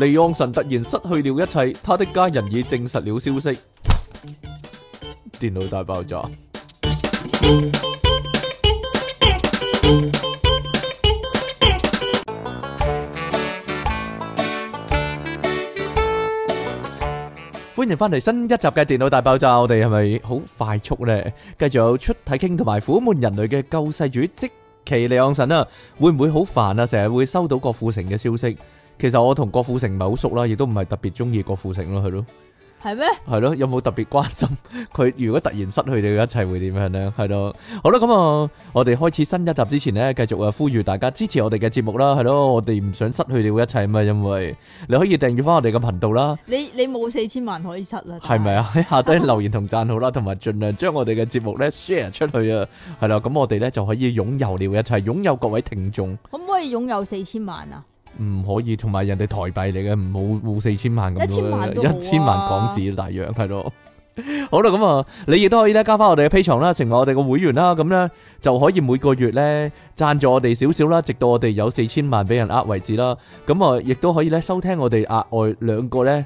離岸神突然失去了一切，他的家人已證實了消息。電腦大爆炸！歡迎翻嚟新一集嘅電腦大爆炸，我哋係咪好快速呢？繼續有出體 King 同埋苦悶人類嘅救世主，即積淇離岸神啊，會唔會好煩啊？成日會收到郭富城嘅消息。其實我同郭富城唔係好熟啦，亦都唔係特別中意郭富城咯，係咯。係咩？係咯，有冇特別關心佢？如果突然失去你嘅一切，會點樣呢？係咯。好啦，咁啊，我哋開始新一集之前呢，繼續啊呼籲大家支持我哋嘅節目啦，係咯。我哋唔想失去你嘅一切啊嘛，因為你可以訂閱翻我哋嘅頻道啦。你你冇四千萬可以失啊？係咪啊？喺 下低留言同讚好啦，同埋盡量將我哋嘅節目咧 share 出去啊，係啦。咁我哋咧就可以擁有你嘅一切，擁有各位聽眾。可唔可以擁有四千萬啊？唔可以，同埋人哋台幣嚟嘅，唔好冇四千萬咁樣，一千萬港紙大約係咯。 好啦，咁啊，你亦都可以咧加翻我哋嘅 P 場啦，成為我哋嘅會員啦，咁咧就可以每個月咧讚助我哋少少啦，直到我哋有四千萬俾人呃為止啦。咁啊，亦都可以咧收聽我哋額外兩個咧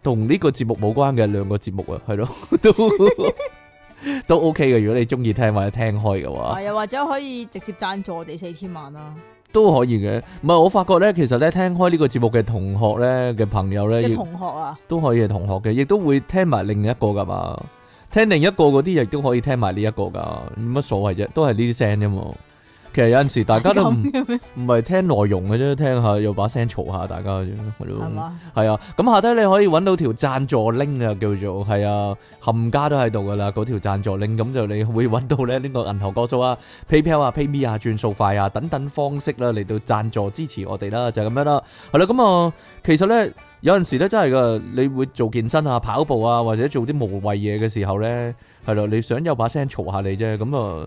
同呢個節目冇關嘅兩個節目啊，係咯，都 都 OK 嘅。如果你中意聽或者聽開嘅話，係又或者可以直接讚助我哋四千萬啦。都可以嘅，唔係，我發覺咧，其實咧，聽開呢個節目嘅同學咧嘅朋友咧，嘅同學啊，都可以係同學嘅，亦都會聽埋另一個噶嘛，聽另一個嗰啲亦都可以聽埋呢一個噶，乜所謂啫，都係呢啲聲啫嘛。其實有陣時大家都唔係係聽內容嘅啫，聽下又把聲嘈下大家係啊，咁下低你可以搵到條贊助拎 i 啊，叫做係啊，冚家都喺度噶啦。嗰條贊助拎咁就你會搵到咧呢、那個銀行個數啊、PayPal 啊、PayMe 啊、轉數快啊等等方式啦、啊，嚟到贊助支持我哋啦、啊，就咁、是、樣啦、啊。係啦、啊，咁、嗯、啊，其實咧有陣時咧真係噶，你會做健身啊、跑步啊，或者做啲無謂嘢嘅時候咧，係咯、啊，你想有把聲嘈下你啫，咁、嗯、啊。嗯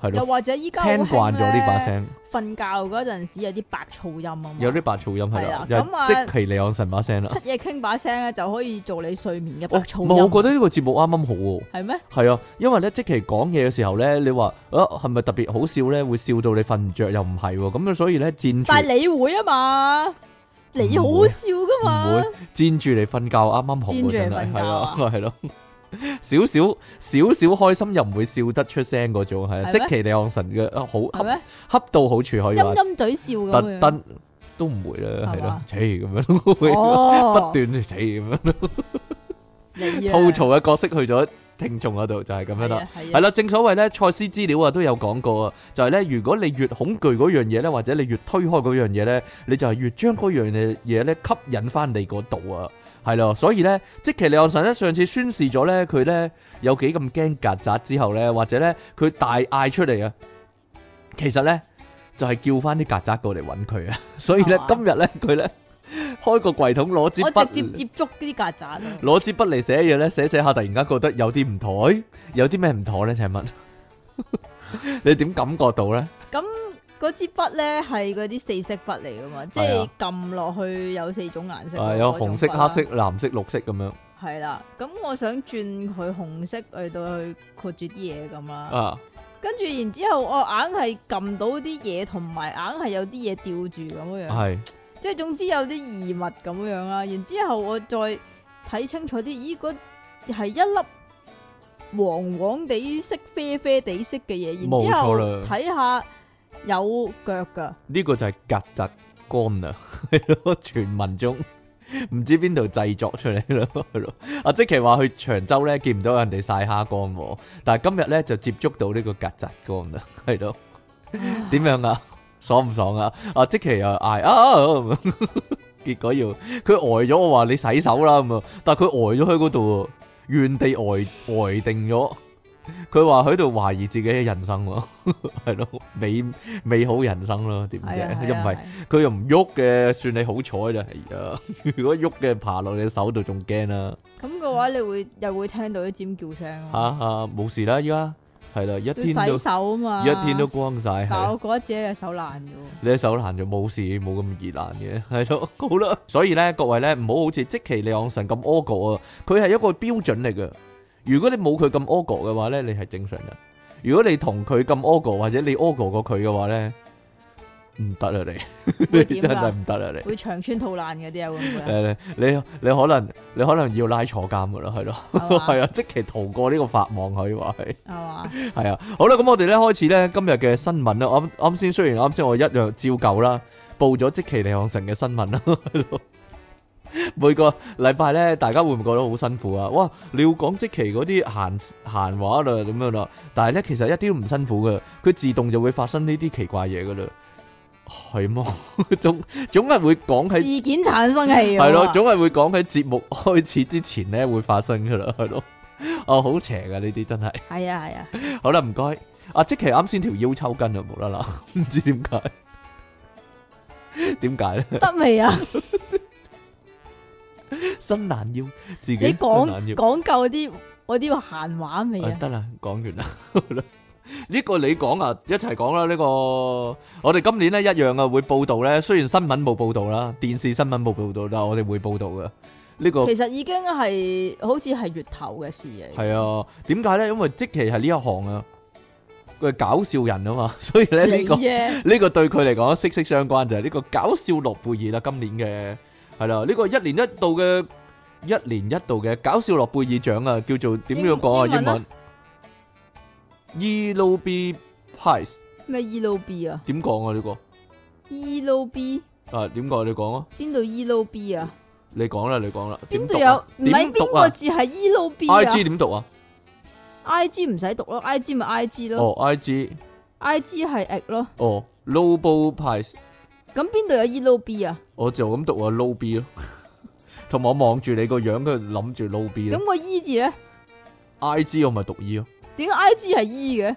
係，又或者依家聽慣咗呢把聲，瞓覺嗰陣時候有啲白噪音啊，有啲白噪音係啦，即其李昂神把聲啦，出夜傾把聲咧就可以做你睡眠嘅我噪音。唔、哦、係，我覺得呢個節目啱啱好喎、啊。係咩？係啊，因為咧即其講嘢嘅時候咧，你話啊係咪特別好笑咧？會笑到你瞓唔着又唔係喎，咁啊所以咧，占但係你會啊嘛、嗯，你好笑噶嘛，戰住你瞓覺啱啱好、啊，戰係咯。少少少少開心又唔會笑得出聲嗰種係，嗎積淇離岸神嘅好恰嗎到好處可以話陰陰嘴笑咁，特登都唔會啦，係咯吧，似咁樣、哦、不斷似咁樣，哦、 吐槽嘅角色去咗聽眾嗰度就係、是、咁樣啦，係啦、啊啊，正所謂咧，賽斯資料啊都有講過啊，就係咧，如果你越恐懼嗰樣嘢咧，或者你越推開嗰樣嘢咧，你就係越將嗰樣嘢嘢咧吸引翻你嗰度啊。係咯，所以咧，即積淇離岸神咧，上次宣示咗咧，佢咧有幾咁驚曱甴之後咧，或者咧佢大嗌出嚟啊，其實咧就係叫翻啲曱甴過嚟揾佢啊，所以咧今日咧佢咧開個櫃桶攞支筆，我直接接觸呢啲曱甴，攞支筆嚟寫嘢咧，寫寫下突然間覺得有啲唔妥，有啲咩唔妥咧，請問你點感覺到咧？咁。嗰支筆咧係嗰啲四色筆嚟㗎嘛，即係撳落去有四種顏色種。係、啊、有紅色、黑色、藍色、綠色咁樣。係啦、啊，咁我想轉佢紅色去到去括住啲嘢咁啦。跟、啊、住然之後我硬係撳到啲嘢，同埋硬係有啲嘢吊住咁樣。係，即係總之有啲異物咁樣啦。然之後我再睇清楚啲，咦？嗰係一粒黃黃地色、啡啡地色嘅嘢。冇錯啦。睇下。有腳噶，呢、這個就係曱甴乾啊，係咯，傳聞中唔知邊度製作出嚟咯，係咯。阿即奇話去長洲咧，見唔到人哋曬蝦乾喎，但係今日咧就接觸到呢個曱甴乾啦，係咯，點樣啊？ 爽唔爽啊？阿、啊、即奇又嗌啊， 結果要佢呆咗，我話你洗手啦咁啊，但係佢呆咗喺嗰度，原地呆呆定咗。佢話喺度懷疑自己嘅人生，係咯，美美好人生咯，點啫？又唔係佢又唔喐嘅，算你好彩就係啊！如果喐嘅爬落你手度，仲驚啦！咁嘅話，你會又會聽到啲尖叫聲啊！冇事啦，依家係啦，一天都唔洗手吖嘛，一天都光晒。但係我覺得自己嘅手爛咗。你手爛就冇事，冇咁易爛嘅，係咯，好啦。所以咧，各位咧，唔好好似積淇離岸神咁屙過啊！佢係一個標準嚟嘅。如果你冇佢咁 ego 嘅話咧，你係正常人。如果你同佢咁 ego 或者你 ego 過佢嘅話咧，唔得啊你， 你真係唔得啊你，會長穿套爛啲啊會唔會？ 你你,你可能你可能要拉坐監噶啦，係咯，係 啊是的，積淇逃過呢個法網可以話係，係 啊是的， 好啦，咁我哋咧開始咧今日嘅新聞啦。啱啱先雖然啱先我一樣照舊啦，報咗積淇離岸神嘅新聞啦。 每個禮拜咧，大家會唔會覺得好辛苦啊？哇，你要講積淇嗰啲閒閒話啦，咁樣啦，但係咧，其實一啲都唔辛苦嘅，佢自動就會發生呢啲奇怪嘢噶啦，係嗎？總總係會講起事件產生嘅，啊，係咯，總係會講起節目開始之前咧會發生噶啦，係咯，哦，好邪噶呢啲真係，係啊，係啊，好啦，唔該，阿、啊、積淇啱先條腰抽筋啊，冇啦啦，唔知點解，點解咧？得未啊？ 伸懶腰，自己伸懶腰。講夠啲，我啲話閒話未啊？得啦，講完啦。呢個你講啊，一齊講啦。呢個我哋今年咧一樣啊，會報道咧。雖然新聞冇報道啦，電視新聞冇報道，但係我哋會報道噶。呢個其實已經係好似係月頭嘅事嚟。係啊，點解咧？因為即係係呢一行啊，佢係搞笑人啊嘛，所以咧呢個呢個對佢嚟講息息相關就係呢個搞笑諾貝爾啦，今年嘅。係啦，呢個一年一度嘅一年一度嘅搞笑諾貝爾獎啊，叫做點樣講啊？英文。Elon Prize 咩 Elon B 啊？點講啊？呢個。Elon B 啊？點講？你講咯。邊度 Elon B 啊？你講啦，你講啦。邊度有？唔係邊個字係 Elon B 啊？I G 點讀啊？I G 唔使讀咯，I G 咪 I G 咯。哦，I G。I G 係 X 咯。哦，Nobel Prize。咁邊度有 e l o b 啊？我就咁讀啊 low b 咯，同埋我望住你個樣，佢諗住 low b 咯。咁個 e 字咧，i g 我咪讀 e 咯。點解 i g 係 e 嘅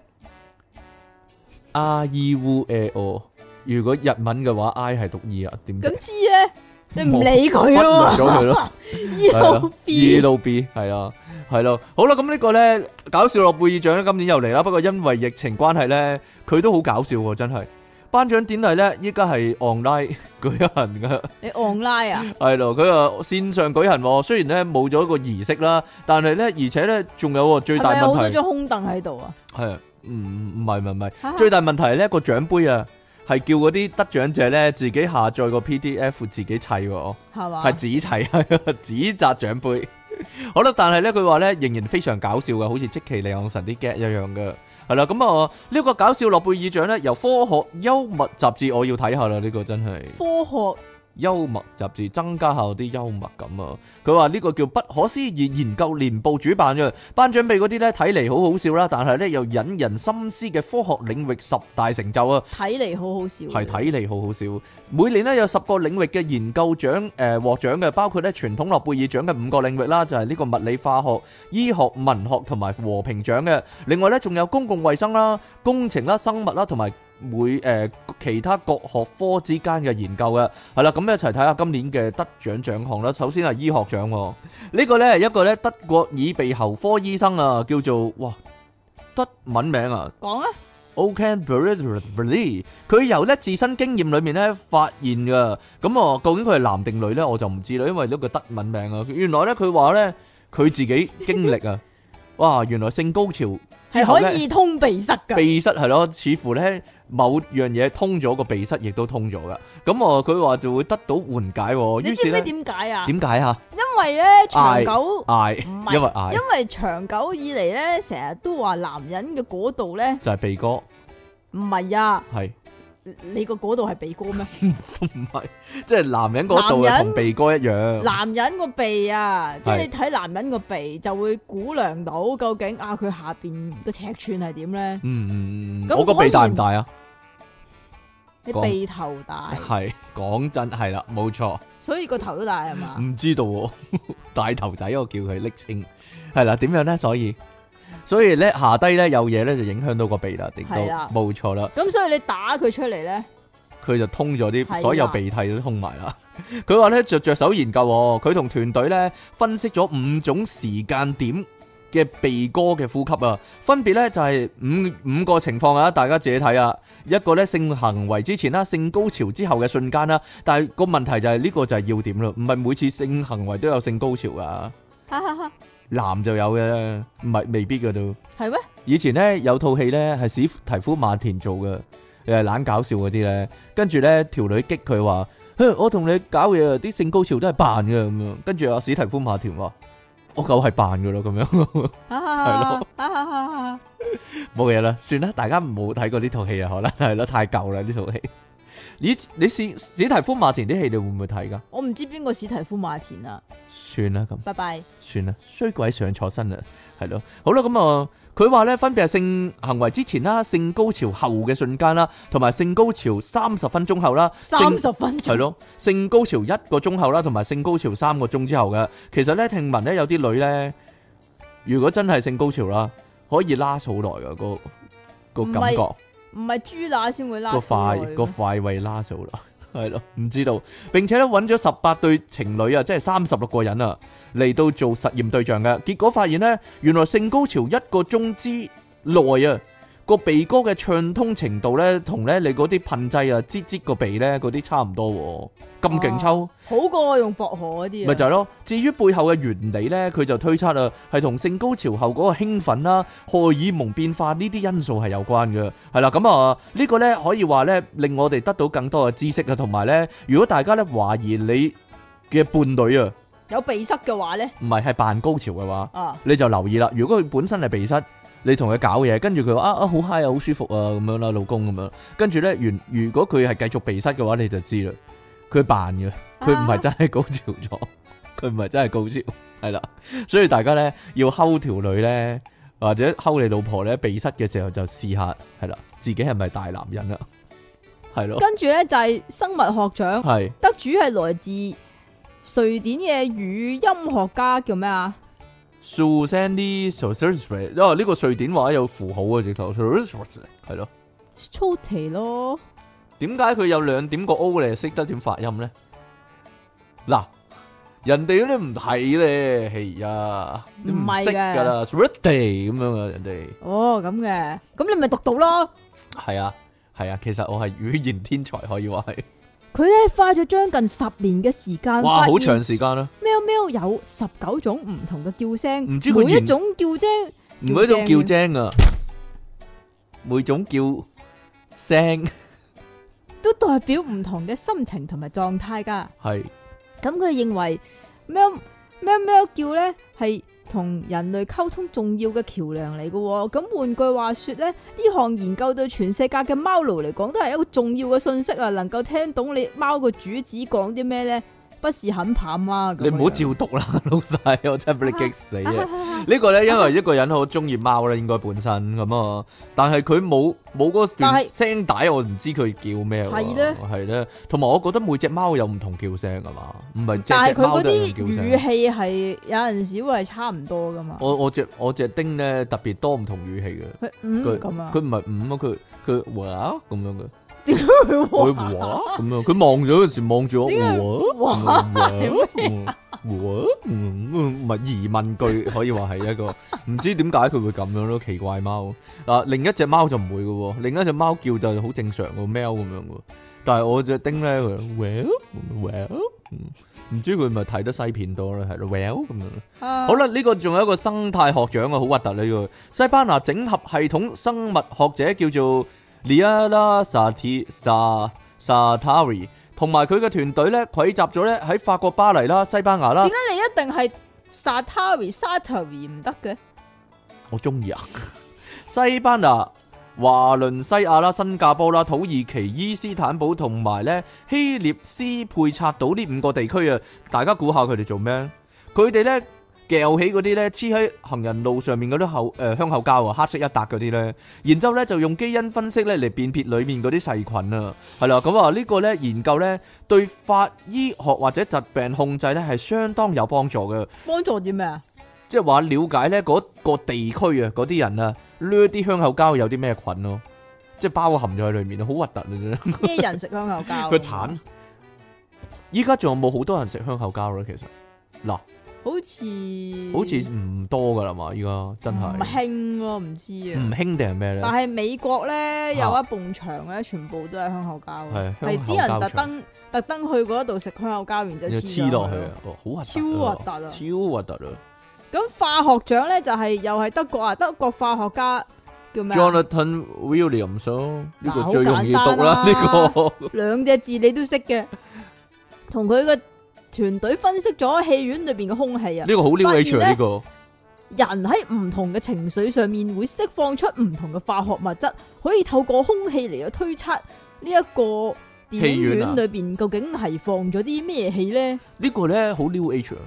？r e u a o。如果日文嘅話，i 係讀 e 啊？點知？咁 g 咧，你唔理佢咯、啊 了 e。y e l l o b 係啊，係咯。好啦，咁呢個咧，搞笑諾貝爾獎咧，今年又嚟啦。不過因為疫情關係咧，佢都好搞笑喎、啊，真係。頒獎典禮咧，依家係 online 舉行噶你 online 啊？係咯，佢話線上舉行，雖然咧冇咗個儀式啦，但係咧，而且咧仲有個最大問題。係咪好多咗空凳喺度啊？係，唔唔，係唔係，最大問題咧個獎杯啊，係叫嗰啲得獎者咧自己下載個 PDF 自己砌喎。係紙，係自己砌，係紙紮獎杯。好啦， 但係咧佢話咧仍然非常搞笑噶，好似積淇離岸神啲 gag 一樣噶係啦，咁啊呢個搞笑諾貝爾獎咧，由科學幽默雜誌，我要睇下啦，呢個真係。科學幽默雜誌增加下啲幽默感啊！佢話呢個叫不可思議研究年報主辦嘅，班長俾嗰啲咧，睇嚟好好笑啦，但係咧又引人深思嘅科學領域十大成就啊！睇嚟好好笑，係睇嚟好好笑。每年咧有十個領域嘅研究獎誒獲獎嘅，包括咧傳統諾貝爾獎嘅五個領域啦，就係呢個物理、化學、醫學、文學同埋和平獎嘅。另外咧仲有公共衛生啦、工程啦、生物啦同埋每誒。其他各學科之間嘅研究嘅，係啦，咁一齊睇下今年嘅得獎獎項啦。首先係醫學獎，呢個咧係一個咧德國耳鼻喉科醫生啊，叫做哇德文名啊。講啊。Okay, literally，佢由咧自身經驗裏面咧發現㗎，咁啊究竟佢係男定女咧？我就唔知啦，因為呢個德文名啊。原來咧佢話咧佢自己經歷啊。哇！原來性高潮係可以通鼻塞噶，鼻塞係咯，似乎咧某樣嘢通咗個鼻塞，亦都通咗噶。咁我佢話就會得到緩解。你知唔知點解啊？點解啊？因為咧長久嗌，唔係因為嗌，因為長久以嚟咧，成日都話男人嘅嗰度咧就係、是、鼻哥，唔係啊，係。你個嗰度係鼻哥咩？唔 係，即係男人嗰度又同鼻哥一樣。男人個鼻啊，是即係你睇男人個鼻就會估量到究竟啊佢下邊個尺寸係點咧？嗯嗯咁，那個，我個鼻大唔大啊？你鼻頭大係講真係啦，冇錯。所以個頭都大係嘛？唔知道，啊，大頭仔我叫佢拎清係啦，點樣咧？所以。所以咧下低咧有嘢咧就影響到個鼻啦，點都冇、啊、錯啦。咁所以你打佢出嚟咧，佢就通咗啲所有鼻涕都通埋啦。佢話咧着着手研究喎，佢同團隊咧分析咗五種時間點嘅鼻哥嘅呼吸啊，分別咧就係五五個情況啊，大家自己睇啊。一個咧性行為之前啦，性高潮之後嘅瞬間啦，但係個問題就係呢個就係要點啦，唔係每次性行為都有性高潮㗎。 男就有嘅，唔係未必噶都。係咩？以前咧有套戲咧係史提夫馬田做嘅，誒懶搞笑嗰啲咧，跟住咧條女激佢話：哼、hey，我同你搞嘢啲性高潮都係扮嘅咁樣。跟住啊史提夫馬田話：我夠係扮嘅咯咁樣。係、啊、咯，冇嘢啦，算啦，大家唔好睇過呢套戲啊，可能係咯，太舊啦呢套戲。你你史史提夫馬田啲戲你會唔會睇噶？我唔知邊個史提夫馬田啦、啊。算啦，咁。拜拜。算啦，衰鬼上錯身啦，係咯。好啦，咁、嗯、啊，佢話呢，分別係性行為之前啦，性高潮後嘅瞬間啦，同埋性高潮三十分鐘後啦，三十分鐘係咯，性高潮一個鐘後啦，同埋性高潮三個鐘之後嘅。其實呢，聽聞呢，有啲女呢，如果真係性高潮啦，可以拉好耐啊。個個感覺。唔係豬乸先會拉個快個快位拉咗啦，係 咯，唔知道，並且咧搵咗十八對情侶啊，即係三十六個人啊，嚟到做實驗對象嘅，結果發現呢，原來性高潮一個鐘之內啊。個鼻哥嘅暢通程度咧，同咧你嗰啲噴劑啊，擠擠個鼻咧，嗰啲差唔多，咁勁抽，好過用薄荷嗰啲，啊。咪就係、是、咯。至於背後嘅原理咧，佢就推測啦係同性高潮後嗰個興奮啦、啊、荷爾蒙變化呢啲因素係有關嘅。係啦，咁啊，這個、呢個咧可以話咧令我哋得到更多嘅知識啊，同埋咧，如果大家咧懷疑你嘅伴侶啊，有鼻塞嘅話咧，唔係係扮高潮嘅話，啊，你就留意啦。如果佢本身係鼻塞。你同佢搞嘢，跟住佢話啊啊，好嗨啊，好、啊、舒服啊，咁樣啦，老公咁樣，跟住咧，如如果佢係繼續鼻塞嘅話，你就知啦，佢扮嘅，佢唔係真係高潮咗，佢唔係真係高潮，係 啦，所以大家咧要溝條女咧，或者溝你老婆咧鼻塞嘅時候就試下，係啦，自己係咪大男人啦、啊，係 咯。跟住咧就係、是、生物學獎係得主係來自瑞典嘅語音學家叫咩啊？數聲啲，so search 咧，因為呢個瑞典話有符號啊，直頭，係咯，粗題咯。點解佢有兩點個 O 咧？識得點發音咧？嗱，人哋嗰啲唔係咧，係呀，你唔識噶啦，spready 咁樣啊，人哋。哦，咁嘅，咁你咪讀到咯。係啊，係啊，其實我係語言天才，可以話係。佢咧花咗將近十年嘅時間，哇，好長時間啦！喵喵有十九種唔同嘅叫聲，唔知佢每一種叫聲，每一種叫聲啊，每種叫聲 都代表唔同嘅心情同埋狀態噶。係，咁佢認為喵喵喵叫咧係同人類溝通重要的橋梁嚟嘅，咁換句話說呢這項研究對全世界的貓奴來講都是一個重要的信息啊！能夠聽懂你貓嘅主子講啲咩呢？不是很棒貓。你唔好照讀啦，老細，我真係俾你激死。啊啊啊、個呢個咧，因為一個人好中意貓啦，應該本身咁啊。但係佢冇冇嗰段聲帶，我唔知佢叫咩。係咧，係咧。同埋我覺得每隻貓有唔同叫聲㗎嘛，唔係隻隻貓都係叫聲。但係佢啲語氣係有陣時會係差唔多噶嘛。我我隻我隻丁咧特別多唔同語氣嘅。佢唔咁啊！佢唔係唔啊！佢佢他樣哇咁樣嘅。點解會話咁樣？佢望住嗰陣時望住我，話點唔係疑問句，可以話係一個唔 知點解佢會咁樣咯，奇怪貓。嗱，另一隻貓就唔會嘅，另一隻貓叫就好正常個喵咁樣嘅。但係我隻丁咧，well well，唔知佢咪睇得西片多咧，係咯，well 咁樣。Uh... 好啦，呢、呢個仲有一個生態學獎啊，好核突呢個西班牙整合系統生物學者叫做。Liara、Sati、s t a r i 同埋佢嘅團隊咧，攜集咗咧喺法國巴黎啦、西班牙啦。點解你一定係 s a t a r i Sartari 唔得嘅？我中意啊！西班牙、華倫西亞啦、新加坡啦、土耳其伊斯坦堡同埋咧希臘斯佩察島呢五個地區啊！大家估下佢哋做咩？佢哋咧。撬起嗰啲咧，黐喺行人路上面嗰啲口誒香口膠啊，黑色一笪嗰啲咧，然之後咧就用基因分析咧嚟辨別裏面嗰啲細菌啊，係啦，咁啊呢個咧研究咧對法醫學或者疾病控制咧係相當有幫助嘅。幫助啲咩啊？即係話了解咧嗰個地區啊，嗰啲人啊，嗰啲香口膠有啲咩菌咯？即係包含咗喺裏面，好核突嘅啫。咩人食香口膠？佢鏟。依家仲有冇好多人食香口膠咧？其實嗱。好似好似唔多噶啦嘛，依家真係唔興咯，唔知啊，唔興定係咩咧？但係美國咧、啊、有一埲牆咧，全部都係香口膠，係啲人特登特登去嗰度食香口膠，然就黐落去,去、哦、啊！超核突啊！超核突啊！咁化學獎咧就係、是、又係德國啊，德國化學家叫咩？Jonathan Williams 呢個最容易讀啦，呢、啊啊這個兩隻字你都識嘅，同佢個。團隊分析咗戲院裏邊嘅空氣啊，這個、呢、這個好 new age 啊！呢個人喺唔同嘅情緒上面會釋放出唔同嘅化學物質，可以透過空氣嚟嘅推測呢一個戲院、啊、裏邊究竟係放咗啲咩戲咧？這個、呢個咧好 new age 啊！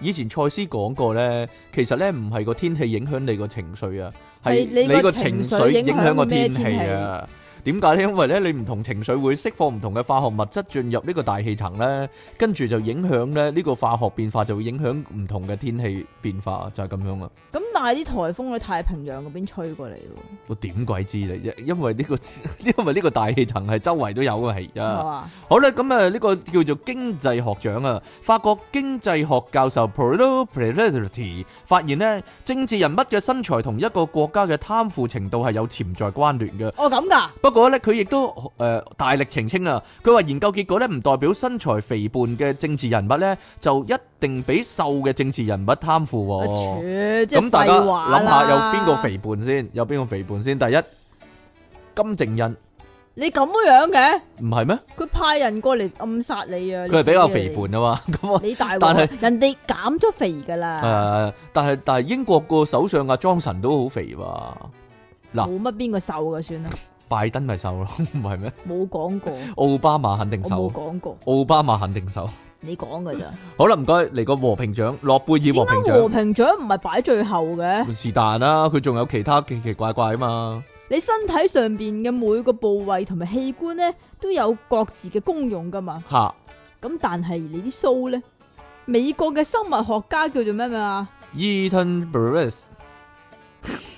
以前賽斯講過咧，其實咧唔係個天氣影響你，情緒你個情緒啊，係你個情緒影響個天氣啊。點解呢？因為咧，你唔同情緒會釋放唔同嘅化學物質進入呢個大氣層咧，跟住就影響咧呢個化學變化，就會影響唔同嘅天氣變化，就係、是、咁樣啦。咁但係啲颱風喺太平洋嗰邊吹過嚟喎。我點鬼知你？啫？因為呢、這個因為呢個大氣層係周圍都有嘅係啊。好啦，咁啊呢個叫做經濟學獎啊，法國經濟學教授 Prelatity、哦、發現呢政治人物嘅身材同一個國家嘅貪腐程度係有潛在關聯嘅。哦，咁噶。不過。佢亦都誒大力澄清啊！佢話研究結果咧唔代表身材肥胖嘅政治人物咧就一定比瘦嘅政治人物貪腐喎。咁、啊、大家諗下有邊個肥胖先？有邊個肥胖先？第一金正恩，你咁樣嘅唔係咩？佢派人過嚟暗殺你啊！佢係比較肥胖啊嘛。咁啊，但係人哋減咗肥噶啦。誒，但係但係英國個首相阿莊臣都好肥喎。嗱，冇乜邊個瘦㗎算啦。拜登咪瘦咯，唔係咩？冇講過。奧巴馬肯定瘦。我冇講過。奧巴馬肯定瘦。你講噶咋？好啦，唔該，嚟個和平獎諾貝爾和平獎。點解和平獎唔係擺最後嘅？是但啦，佢仲有其他奇奇怪怪啊嘛。你身體上邊嘅每個部位同埋器官咧，都有各自嘅功用噶嘛？吓。咁但係你啲鬚咧，美國嘅生物學家叫做咩名啊 Ethan Burris。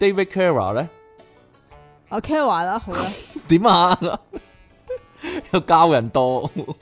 David Kara 咧，阿 Kara 啦，好啦，點啊？Cara, 好啊 又教人多那他呢，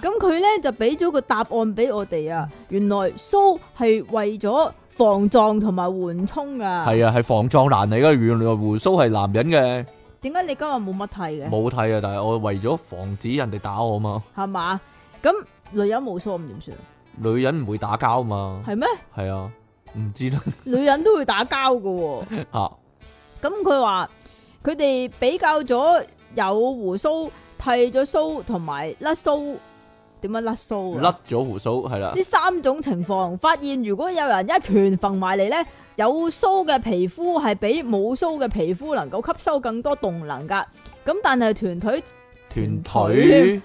咁佢咧就俾咗個答案俾我哋啊！原來蘇、so、係為咗防撞同埋緩衝啊！係啊，係防撞欄嚟噶。原來鬍鬚係男人嘅。點解你今日冇乜剃嘅？冇剃啊！但係我為咗防止人哋打我嘛。係嘛？咁女人無鬚咁點算啊？女人唔會打交嘛？係咩？係啊。唔知咯，女人都會打交噶喎。吓，咁佢話佢哋比較咗有鬍鬚剃咗鬚同埋甩鬚，點樣甩鬚啊？甩咗鬍鬚係啦。呢三種情況發現，如果有人一拳揈埋嚟，呢，有鬚嘅皮膚係比冇鬚嘅皮膚能夠吸收更多動能噶。咁但係團腿，團腿。腿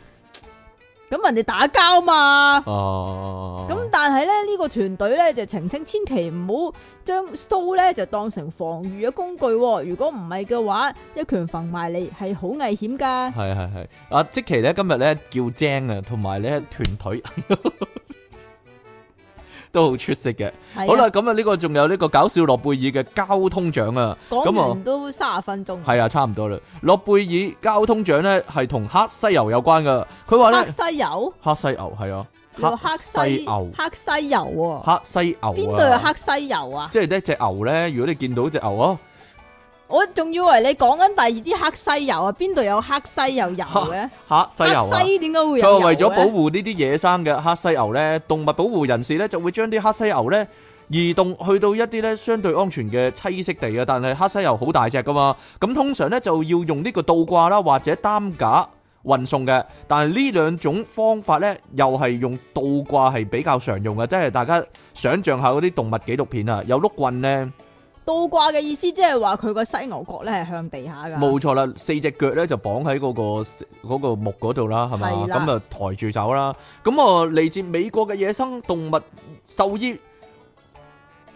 咁人哋打交嘛，咁、哦、但係咧呢、這個團隊咧就澄清千，千祈唔好將 show 咧就當成防禦嘅工具、哦。如果唔係嘅話，一拳揈埋嚟係好危險噶。係係係，阿積淇咧今日咧叫精啊，同埋咧團隊。 都好出色嘅、啊，好啦，咁啊呢個仲有呢個搞笑諾貝爾嘅交通獎啊，講完，都三十分鐘，係啊，差唔多啦。諾貝爾交通獎咧係同黑西游有關噶，佢話咧黑西游，黑犀牛係啊黑，黑犀牛，黑西游、啊，黑犀牛，邊度有黑犀牛啊？即係一隻牛咧，如果你見到隻牛哦。我仲以為你講緊第二啲黑犀牛啊，邊度有黑犀牛油嘅？黑犀牛點解會有？佢為咗保護呢啲野生嘅黑犀牛呢，動物保護人士呢就會將啲黑犀牛呢移動去到一啲呢相對安全嘅棲息地啊。但係黑犀牛好大隻噶嘛，咁通常呢就要用呢個倒掛啦或者擔架運送嘅。但係呢兩種方法呢又係用倒掛，係比較常用嘅，即係大家想象下嗰啲動物紀錄片啊，有碌棍呢。倒掛嘅意思即係話佢個犀牛角咧係向地下噶，冇錯啦。四隻腳咧就綁喺嗰個、嗰個木嗰度啦，係咪？咁是的 就抬住走啦。咁啊嚟自美國嘅野生動物獸醫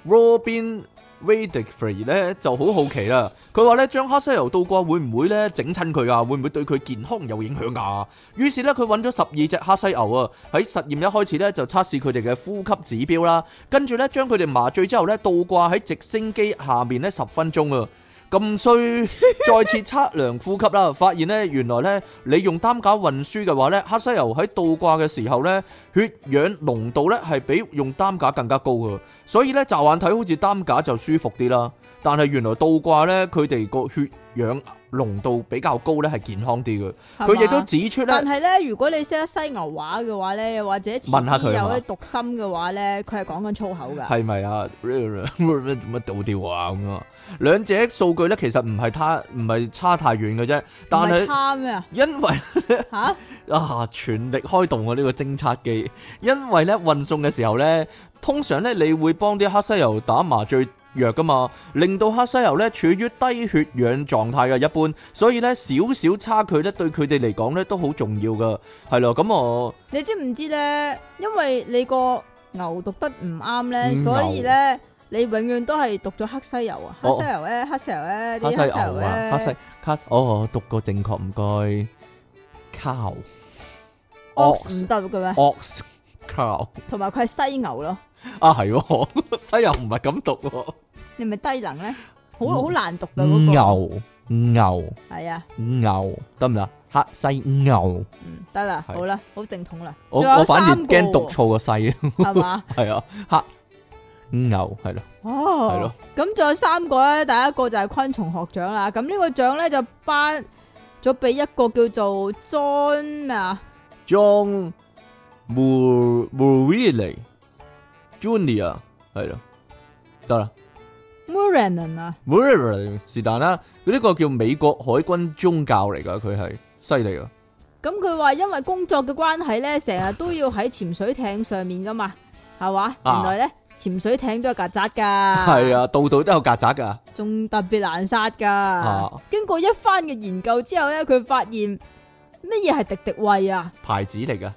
Robin。Vedic Free 咧就好好奇啦，佢話咧將黑犀牛倒掛會唔會咧整親佢啊？會唔會對佢健康有影響呀？於是咧佢揾咗十二隻黑犀牛啊，喺實驗一開始咧就測試佢哋嘅呼吸指標啦，跟住咧將佢哋麻醉之後咧倒掛喺直升機下面咧十分鐘啊。咁衰，再次測量呼吸啦，發現呢，原來呢，你用擔架運輸嘅話呢，黑西油喺倒掛嘅時候呢，血氧濃度呢係比用擔架更加高嘅，所以呢，乍眼睇好似擔架就舒服啲啦，但係原來倒掛呢，佢哋個血氧濃度比較高咧，係健康啲嘅。佢亦都指出咧，但係咧，如果你識得犀牛話嘅話咧，又或者前邊有啲讀心嘅話咧，佢係講緊粗口㗎。係咪啊？乜老調話咁啊？兩者數據咧，其實唔係差唔係差太遠嘅啫。但係因為嚇 啊，全力開動我、啊、呢、這個偵察機，因為咧，運送嘅時候咧，通常咧你會幫啲黑犀牛打麻醉。弱噶嘛，令到黑犀牛咧處於低血氧狀態嘅一般，所以咧少少差距咧對佢哋嚟講咧都好重要噶，係咯，咁我你知唔知咧？因為你個牛讀得唔啱咧，所以咧你永遠都係讀咗黑犀牛啊！黑犀牛咧，黑犀牛咧，啲黑犀牛咧，黑犀，哦，讀個正確唔該，cow，ox 唔得嘅咩？ox 同埋佢係犀牛咯，啊係，犀牛唔係咁讀咯，你係咪低能咧？好好難讀噶嗰個牛牛係啊牛得唔得？黑犀牛嗯得啦，好啦，好正統啦，我我反而驚讀錯個犀，係嘛，係啊黑牛係咯，哦，係咯，咁仲有三個咧，第一個就係昆蟲學獎啦，咁呢個獎咧就頒咗俾一個叫做 John 啊 John。冇 u 味嚟，中意啊係咯，得啦。冇人能啊，冇人能，是但啦。佢呢個叫美國海軍宗教嚟噶，佢係犀利啊。咁佢話因為工作嘅關係咧，成日都要喺潛水艇上面噶嘛，係 嘛？原來咧潛、啊、水艇都有曱甴噶，係啊，度度都有曱甴噶，仲特別難殺噶、啊。經過一番嘅研究之後咧，佢發現乜嘢係敵敵畏啊？牌子嚟噶。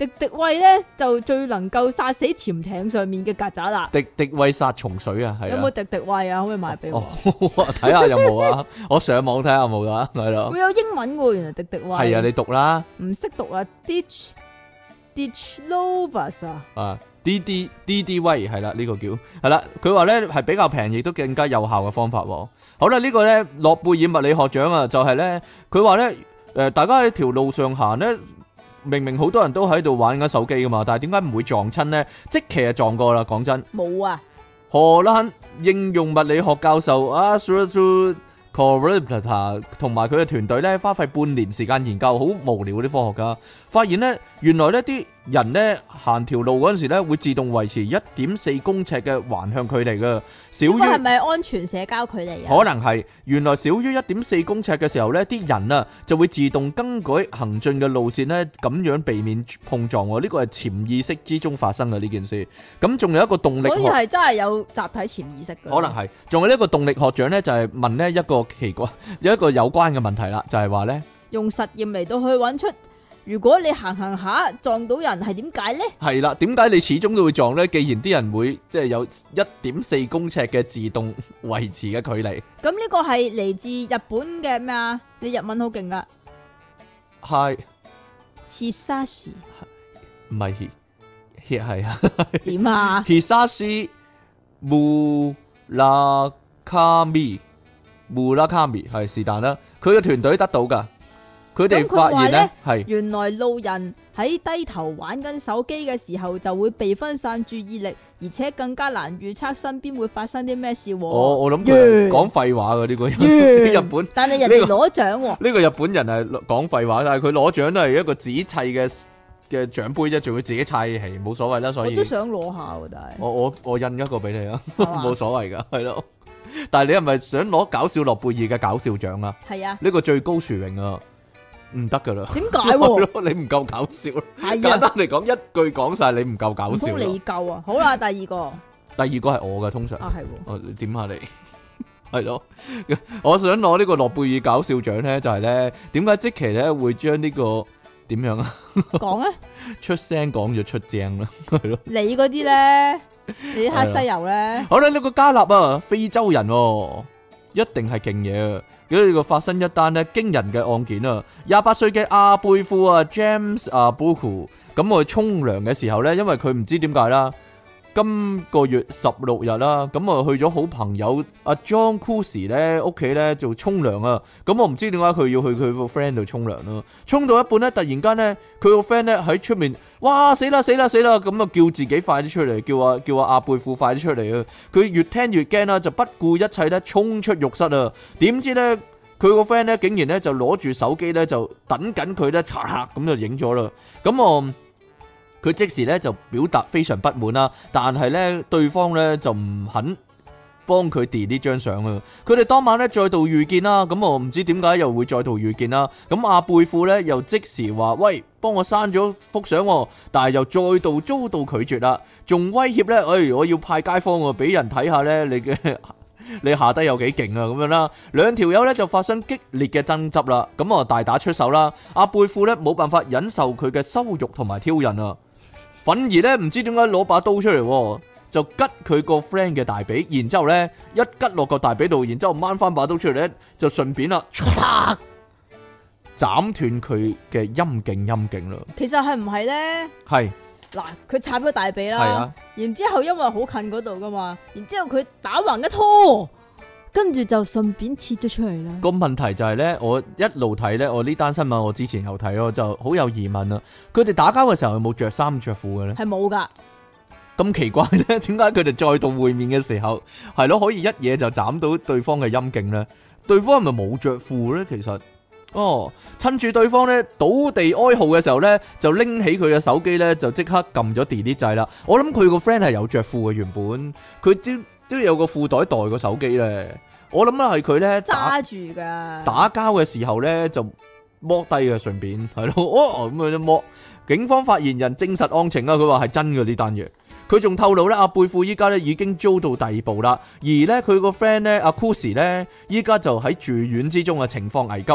迪迪威咧，就最能夠殺死潛艇上面嘅曱甴啦。迪迪威殺蟲水啊，係、啊、有冇迪迪威啊？可唔可以賣俾我。睇、哦、下有冇啊？ 我上網睇下有冇啦。係喇、啊。會有英文嘅、啊，原來敵敵畏。係啊，你讀啦。唔識讀啊，Ditch Ditchlovers 啊。啊，D D D D 畏係啦，呢、這個叫係啦。佢話咧，係比較平，亦都更加有效嘅方法。好啦、啊，這個、呢個咧，諾貝爾物理學獎啊，就係咧佢話咧，誒，大家喺條路上行咧。明明好多人都喺度玩緊手機㗎嘛，但係點解唔會撞親呢？即期就撞過啦，講真。冇啊！荷蘭應用物理學教授啊，蘇。Correlator 同埋佢嘅團隊咧，花費半年時間研究，好無聊嗰啲科學家發現咧，原來咧啲人咧行條路嗰陣時咧，會自動維持一點四公尺嘅橫向距離嘅。小於係咪安全社交距離啊？可能係原來小於一點四公尺嘅時候咧，啲人啊就會自動更改行進嘅路線咧，咁樣避免碰撞。呢個係潛意識之中發生嘅呢件事。咁仲有一個動力學，所以係真係有集體潛意識嘅。可能係仲有呢一個動力學長咧，就係問咧一個。奇怪，有一個有關嘅問題啦，就係話咧，用實驗嚟到去揾出，如果你行行下撞到人係點解咧？係啦，點解你始終都會撞咧？既然啲人會即係有一點四公尺嘅自動維持嘅距離，咁呢個係嚟自日本嘅咩啊？你日文好勁噶，係 Hisashi，唔係 Hi，Hi 係啊？點啊？Hisashi Murakami。烏拉卡米係是但啦，佢嘅團隊得到噶，佢哋發現咧，係原來路人喺低頭玩緊手機嘅時候，就會被分散注意力，而且更加難預測身邊會發生啲咩事。哦，我諗佢講廢話噶。呢、這個人 日本，但係人哋攞獎喎。呢、這個這個日本人係講廢話，但係佢攞獎都係一個自己砌嘅嘅獎杯啫，仲要自己砌係冇所謂啦。所以都想攞下，但係我我我印一個俾你啊，冇所謂噶，係咯。但係你係咪想攞搞笑諾貝爾嘅搞笑獎啊？係啊，呢個最高殊榮啊，唔得噶啦。點解？你唔夠搞笑。簡單嚟講，一句講晒你唔夠搞笑。唔通你夠啊？好啦，第二個。第二個係我噶，通常。啊係。哦，點下你？係咯，我想攞呢個諾貝爾搞笑獎咧，就係咧，點解積淇咧會將呢個？點樣啊？講啊！ 出聲講就出正啦，係咯。你嗰啲咧，你黑西遊咧？ 好啦，呢、呢個加納啊，非洲人哦，一定係勁嘢啊！今日呢個發生一單咧驚人嘅案件啊，廿八歲嘅阿貝夫啊，James 啊，Buku，咁我去沖涼嘅時候咧，因為佢唔知點解啦。今個月十六日啦，咁啊去咗好朋友阿 John Kousy 咧屋企咧做沖涼啊！咁我唔知點解佢要去佢個 friend 度沖涼咯，沖到一半咧，突然間咧佢個 friend 咧喺出面，哇死啦死啦死啦！咁啊叫自己快啲出嚟，叫啊叫阿阿貝夫快啲出嚟啊！佢越聽越驚啦，就不顧一切咧衝出浴室啊！點知咧佢個 friend 咧竟然咧就攞住手機咧就等緊佢咧刷咁就影咗啦！咁我。佢即時咧就表達非常不滿啦，但係咧對方咧就唔肯幫佢 delete 呢張相啊！佢哋當晚咧再度遇見啦，咁我唔知點解又會再度遇見啦。咁阿貝父咧又即時話：喂，幫我刪咗幅相喎！但係又再度遭到拒絕啦，仲威脅咧：哎，我要派街坊喎，俾人睇下咧你嘅 你下得有幾勁啊！咁樣啦，兩條友咧就發生激烈嘅爭執啦，咁我大打出手啦。阿貝父咧冇辦法忍受佢嘅羞辱同埋挑釁啊！反而咧，唔知點解攞把刀出嚟，就吉佢個 friend 嘅大髀，然之後咧一吉落個大髀度，然之後掹翻把刀出嚟咧，就順便啦，嚓，斬斷佢嘅陰莖陰莖啦。其實係唔係咧？係嗱，佢插個大髀啦，係啊，然之後因為好近嗰度噶嘛，然之後佢打橫一拖。跟住就順便切咗出嚟啦。個問題就係咧，我一路睇咧，我呢單新聞我之前有睇，我就好有疑問啦。佢哋打交嘅時候有冇着衫着褲嘅咧？係冇噶。咁奇怪咧，點解佢哋再度會面嘅時候，係咯可以一嘢就斬到對方嘅陰莖咧？對方係咪冇着褲咧？其實，哦，趁住對方咧倒地哀嚎嘅時候咧，就拎起佢嘅手機咧，就即刻撳咗 delete 掣。啦我諗佢個 friend 係有着褲嘅，原本佢啲。都要有個褲袋袋個手機咧。我諗啦，係佢咧揸住噶，打交嘅時候咧就剝低啊，順便係咯哦，咁樣剝。警方發言人證實案情啊，佢話係真嘅呢單嘢。佢仲透露咧，阿貝父依家咧已經遭到逮捕啦，而咧佢個 friend 咧阿庫時咧依家就喺住院之中嘅情況危急。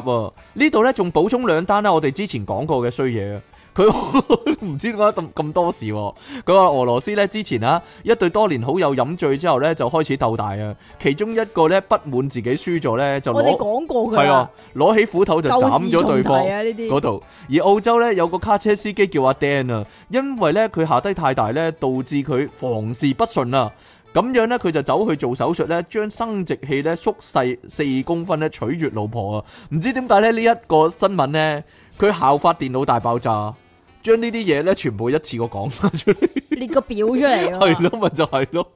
呢度咧仲補充兩單啦，我哋之前講過嘅衰嘢。佢 唔知點解咁咁多事喎。佢話俄羅斯咧之前啊，一對多年好友飲醉之後咧就開始鬥大啊。其中一個咧不滿自己輸咗咧就攞係、oh, 啊攞起斧頭就斬咗對方嗰度、啊。而澳洲咧有個卡車司機叫阿 Dan 啊，因為咧佢下低太大咧，導致佢房事不順啊。咁樣咧佢就走去做手術咧，將生殖器咧縮細四公分咧取悅老婆啊。唔知點解咧呢一個新聞咧佢效發電腦大爆炸。將呢啲嘢咧，全部一次過講晒出嚟 列個表出嚟咯，啊。係咯，咪就係咯。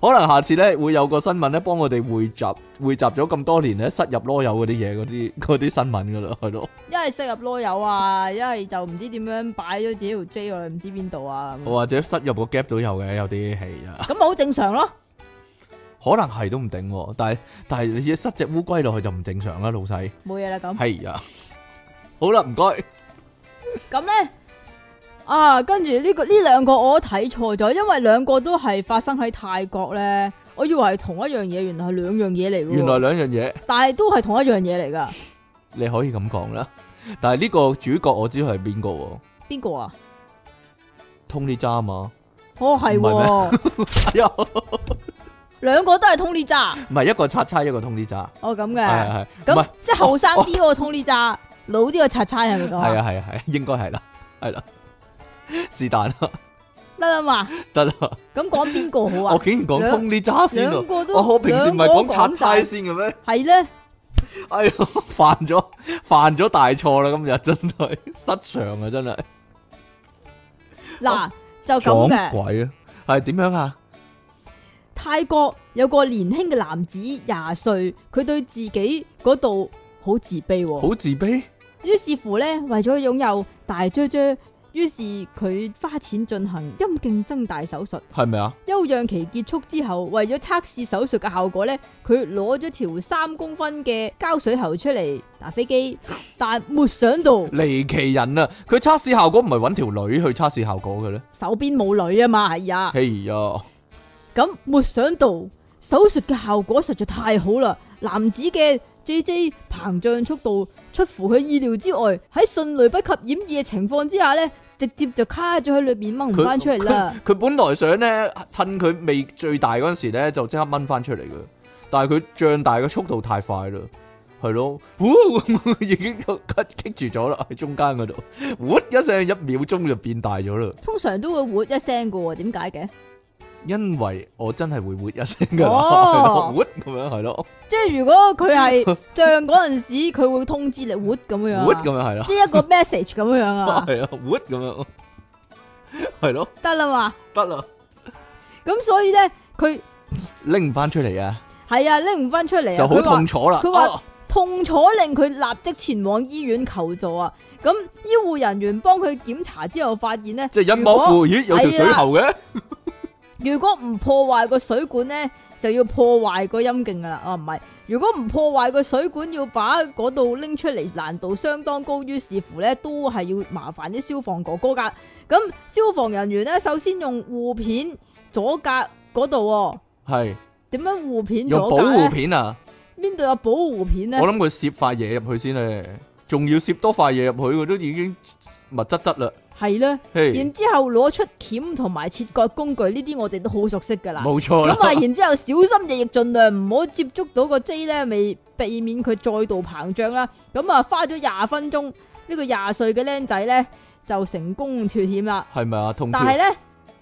可能下次咧會有個新聞咧，幫我哋匯集匯集咗咁多年咧，塞入囉柚嗰啲嘢，嗰啲啲新聞噶啦，係咯。一係塞入囉柚啊，一係就唔知點樣擺咗自己 J 我唔知邊度啊。或者塞入個 gap 都有嘅，有啲係啊。咁好正常咯。可能係都唔定，但係但係你要塞隻烏龜落去就唔正常啦，老細。冇嘢啦，咁係啊。好啦，唔該。咁咧，啊，跟住呢個呢兩個我都睇錯咗，因為兩個都係發生喺泰國咧，我以為係同一樣嘢，原來係兩樣嘢嚟。原來兩樣嘢，但係都係同一樣嘢嚟噶。你可以咁講啦，但係呢個主角我知道係邊個喎？邊個啊？Tony 渣嘛？哦係，喎！啊，兩 個都係 Tony 渣，唔係一個叉叉，一個 Tony 渣。哦咁嘅，咁即係後生啲喎 Tony 渣。哦哦通老啲個拆差係咪咁啊？係啊係啊係，應該係啦，係啦，是但、啊、啦，得啦嘛，得啦。咁講邊個好啊？我竟然講通呢渣先啊！哦、我平時唔係講拆差先嘅咩？係咧，哎呀，犯咗犯咗大錯啦！今日真係 失常啊，真係。嗱，就咁嘅鬼啊係點樣啊？泰國有個年輕嘅男子廿歲，佢對自己嗰度好自卑，好自卑。於是乎咧，為咗擁有大啫啫，於是佢花錢進行陰莖增大手術，係咪啊？休養期結束之後，為咗測試手術嘅效果咧，佢攞咗條三公分嘅膠水喉出嚟打飛機，但係沒想到離奇人啊！佢測試效果唔係揾條女去測試效果嘅咧，手邊冇女啊嘛，係呀，係、hey、呀、oh.，咁沒想到手術嘅效果實在太好啦，男子嘅。J J 膨脹速度出乎佢意料之外，喺迅雷不及掩耳嘅情況之下咧，直接就卡咗喺裏面掹唔翻出嚟啦。佢本來想咧趁佢未最大嗰時咧就即刻掹翻出嚟嘅，但係佢脹大嘅速度太快啦，係咯，哦、 已經棘住咗啦，喺中間嗰度，一聲一秒鐘就變大咗啦。通常都會一聲噶，點解嘅？因為我真係會活一聲噶啦，活咁樣係咯。即係如果佢係脹嗰陣時，佢 會通知你活咁樣樣，活咁樣係咯。即係一個 message 咁樣 樣啊。係啊，活咁樣，係咯。得啦嘛，得啦。咁所以咧，佢拎唔翻出嚟啊。係啊，拎唔翻出嚟啊。就好痛楚啦。佢話痛楚令佢立即前往醫院求助啊。咁醫護人員幫佢檢查之後，發現咧，即係陰包附咦有條水喉嘅。 如果唔破壞個水管呢，就要破壞個陰莖噶啦。哦、啊，唔係，如果唔破壞個水管，要把嗰度拎出嚟，難度相當高，於是乎呢，都係要麻煩啲消防哥哥噶。咁消防人員呢，首先用護片阻隔嗰度。係點樣護片？用保護片啊？邊度有保護片呢？我諗佢攝塊嘢入去先咧，仲要攝多塊嘢入去，佢都已經密質質啦。係啦，hey，然之後攞出鉗同埋切割工具呢啲，我哋都好熟悉噶啦，冇錯咁啊。然之後，後小心翼翼， 盡量唔好接觸到個 J 咧，未避免佢再度膨脹啦。咁啊，花咗廿分鐘呢、這個廿歲嘅僆仔咧就成功脫險啦。係咪啊？痛？但係咧，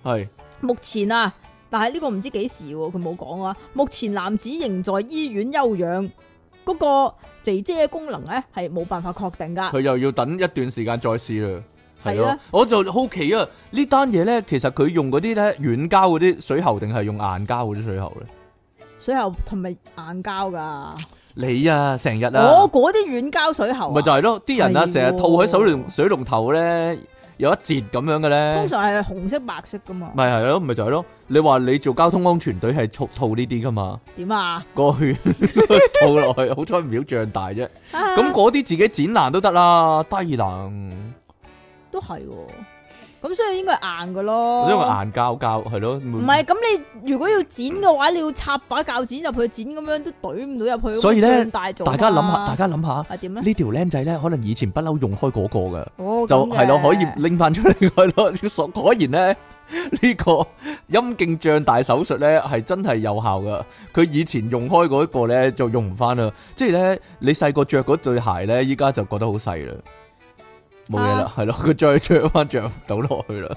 係目前啊，但係呢個唔知幾時佢冇講啊。目前男子仍在醫院休養，嗰、那個 J J 嘅功能咧係冇辦法確定噶，佢又要等一段時間再試啦。係咯、哦啊，我就好奇啊！這呢單嘢咧，其實佢用嗰啲咧軟膠嗰啲水喉，定係用硬膠嗰啲水喉咧？水喉同埋硬膠噶。你啊，成日啊，我嗰啲軟膠水喉、啊。咪就係咯、啊，啲人啊，成日、啊、套喺水龍水龍頭咧有一截咁樣嘅咧。通常係紅色白色噶嘛。咪係咯，咪就係咯、啊。你話你做交通安全隊係套套呢啲噶嘛？點啊？過去 套落下去， 好彩唔曉脹大啫。咁嗰啲自己剪爛都得啦、啊，低能。都係喎、哦，咁所以應該硬嘅咯，因為硬膠膠係咯，唔係，咁你如果要剪嘅話，你要插把鉸剪入去剪，咁樣都懟唔到入去。所以咧、啊，大家諗下，大家諗下，點、啊、咧？呢條僆仔咧，可能以前不嬲用開嗰個噶、哦，就係咯，可以拎翻出嚟咯。果然咧，呢 個陰莖脹大手術咧係真係有效噶。佢以前用開嗰個咧就用唔翻啦，即係咧，你細個着嗰對鞋咧，依家就覺得好細啦。冇嘢啦，係、啊、咯，佢再漲翻漲唔到落去啦，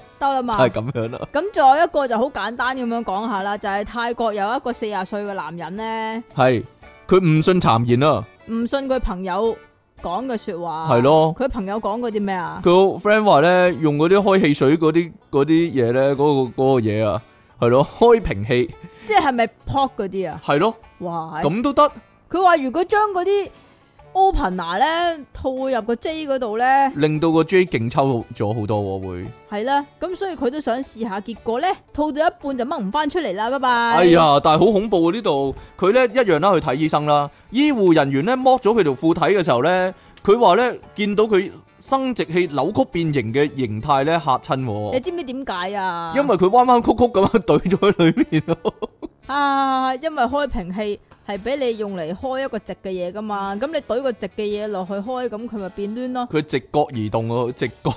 嘛，係、就、咁、是、樣啦。咁再一個就好簡單咁樣講下啦，就係、是、泰國有一個四十歲嘅男人咧，係佢唔信讒言啊，唔信佢朋友講嘅說話，係咯，佢朋友講過啲咩啊？佢 friend 話咧，用嗰啲開汽水嗰啲啲嘢咧，嗰、嗰個、嗰個嘢啊，係咯，開瓶器，即係咪 pop 嗰啲啊？係咯，哇，咁都得？佢話如果將嗰啲。Open 拿咧套入個 J 嗰度咧，令到個 J 勁抽咗好多喎、哦，會係啦。咁所以佢都想試下，結果咧，套到一半就掹唔翻出嚟啦，拜拜。哎呀,但係好恐怖啊！呢度佢咧一樣啦，去睇醫生啦。醫護人員咧剝咗佢條褲體嘅時候咧，佢話咧，見到佢生殖器扭曲變形嘅形態咧，吓親。你知唔知點解啊？因為佢彎彎曲曲咁樣懟咗喺裏面咯。啊，因為開瓶器。係俾你用嚟開一個直嘅嘢噶嘛，咁你懟個直嘅嘢落去開，咁佢咪變攣咯。佢直角移動喎，直角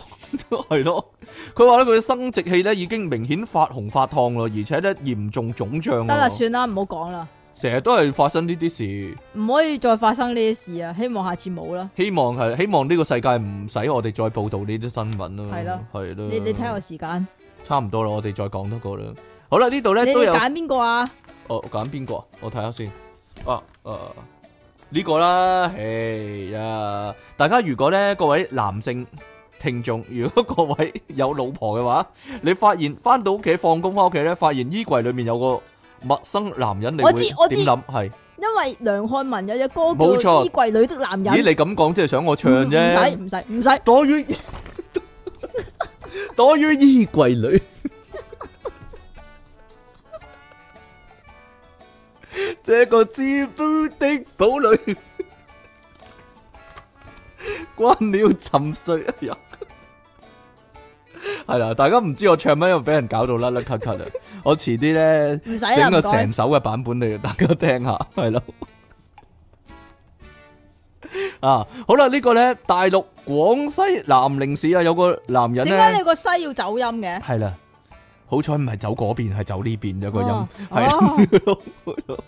係咯。佢話咧佢嘅生殖器咧已經明顯發紅發燙咯，而且咧嚴重腫脹。得啦，算啦，唔好講啦。成日都係發生呢啲事，唔可以再發生呢啲事啊！希望下次冇啦。希望係希望呢個世界唔使我哋再報道呢啲新聞咯。係咯，係咯。你你睇下時間。差唔多啦，我哋再講多個啦。好啦，這裡呢度咧都有。揀邊個啊？哦，揀邊個？我睇下先。啊，誒，呢個啦，哎呀，大家如果咧，各位男性聽眾，如果各位有老婆嘅話，你發現翻到屋企放工翻屋企咧，發現衣櫃裏面有個陌生男人，你會點諗？我知，我知，係因為梁漢文有隻歌叫《衣櫃裏的男人》。咦，你咁講即係想我唱啫？唔使，唔使，唔使，躲於躲於衣櫃裏。這個知夫的堡壘關了沉睡一日。係啦，大家唔知我唱咩，又俾人搞到甩甩咳咳啦。我遲啲咧，唔使整個成首嘅版本嚟，大家聽下，係咯。 啊，好啦，這個、呢個咧，大陸廣西南寧市啊，有個男人咧，點解你個西要走音嘅？係啦。好彩唔係走嗰邊，係走呢邊一個音。係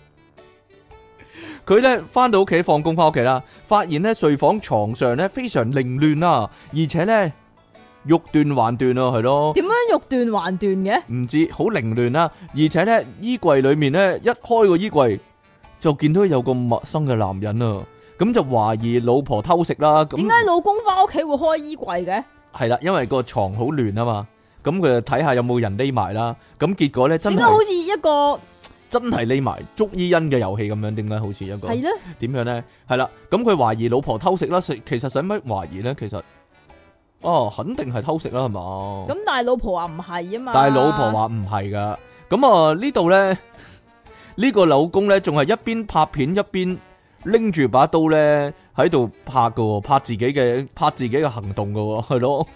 佢咧翻，到屋企放工翻屋企啦，發現咧睡房床上咧非常凌亂啊，而且咧欲斷還斷啊，係咯。點樣欲斷還斷嘅？唔知好凌亂啦，而且咧衣櫃裏面咧一開個衣櫃就見到有個陌生嘅男人啊，咁就懷疑老婆偷食啦。點解老公翻屋企會開衣櫃嘅？係啦，因為個床好亂啊嘛。咁佢就睇下有冇人匿埋啦，咁結果咧真係點解好似一個真係匿埋捉伊恩嘅遊戲咁樣？點解好似一個係咧？點樣咧？係啦，咁佢懷疑老婆偷食啦，食其實使乜懷疑咧？其實，其實哦，肯定係偷食啦，係嘛？咁但係老婆話唔係啊嘛？但係老婆話唔係噶，咁啊呢度咧呢個老公咧仲係一邊拍片一邊拎住把刀咧喺度拍噶，拍自己嘅拍自己嘅行動噶，係咯。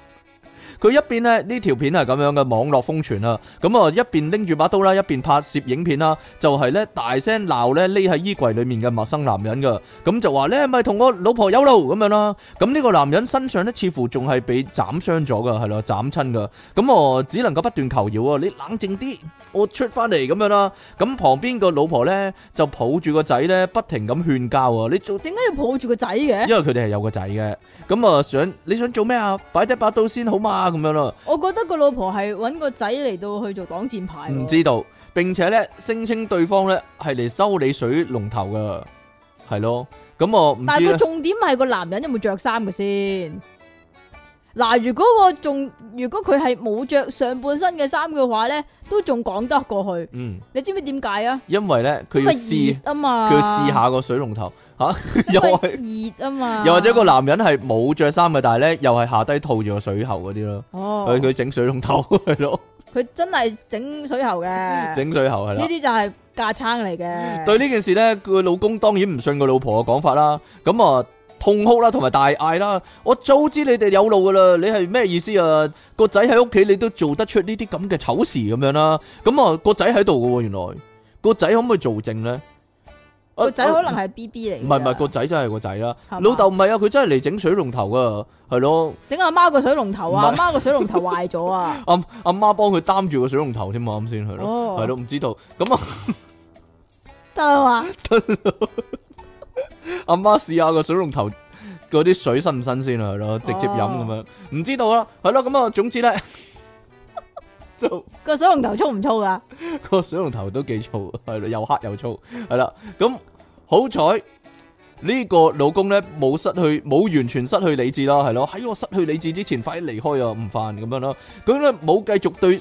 佢一邊呢，呢條片係咁樣嘅網絡瘋傳啊，咁啊一邊拎住把刀啦，一邊拍攝影片啦，就係、是、咧大聲鬧咧匿喺衣櫃裏面嘅陌生男人噶，咁、嗯、就話呢，你係咪同我老婆有路咁樣啦，咁、嗯、呢、這個男人身上咧似乎仲係被斬傷咗噶，係咯，斬親噶，咁啊、嗯嗯、只能夠不斷求饒啊，你冷靜啲，我出翻嚟咁樣啦，咁、嗯、旁邊個老婆咧就抱住個仔咧不停咁勸交啊，你做點解要抱住個仔嘅？因為佢哋係有個仔嘅，咁、嗯、啊、嗯、想你想做咩啊？擺低把刀先好嗎？咁樣咯，我覺得個老婆係搵個仔嚟到去做擋箭牌，唔知道，並且咧聲稱對方咧係嚟修理水龍頭噶，係咯，咁我但係個重點係個男人有冇着衫嘅先。嗱，如果個仲如果佢係冇着上半身嘅衫嘅話咧，都仲講得過去。嗯，你知唔知點解啊？因為咧，佢要試啊嘛，佢要試下個水龍頭。吓，又係熱啊嘛。又或者個男人係冇着衫嘅，但係咧又係下低套住個水喉嗰啲咯。哦，佢佢整水龍頭係咯。佢真係整水喉嘅。整水喉係啦。呢啲就係架撐嚟嘅。對呢件事咧，佢老公當然唔信佢老婆嘅講法啦。咁啊。痛哭啦，同埋大嗌啦！我早知你哋有路噶啦，你係咩意思啊？個仔喺屋企，你都做得出呢啲咁嘅醜事咁樣啦？咁啊，個仔喺度噶，原來個仔可唔可以做證咧？個仔可能係 B B 嚟，唔係唔係，個仔真係個仔啦。老豆唔係啊，佢真係嚟整水龍頭噶，係咯？整阿媽個水龍頭啊，阿媽個水龍頭壞咗啊！阿阿媽幫佢擔住個水龍頭添嘛，啱先係咯，係、哦、咯，唔知道咁啊，得啊得。得 阿媽試下個水龍頭嗰啲水新唔新鮮啊，係咯，直接飲咁樣，唔知道啊，係咯，咁啊，總之咧，就個水龍頭粗唔粗噶？個水龍頭都幾粗，係咯，又黑又粗，係啦，咁好彩呢個老公咧冇，失去冇完全失去理智啦，係咯，喺我失去理智之前快啲離開啊，唔煩咁樣咯，咁咧冇繼續對。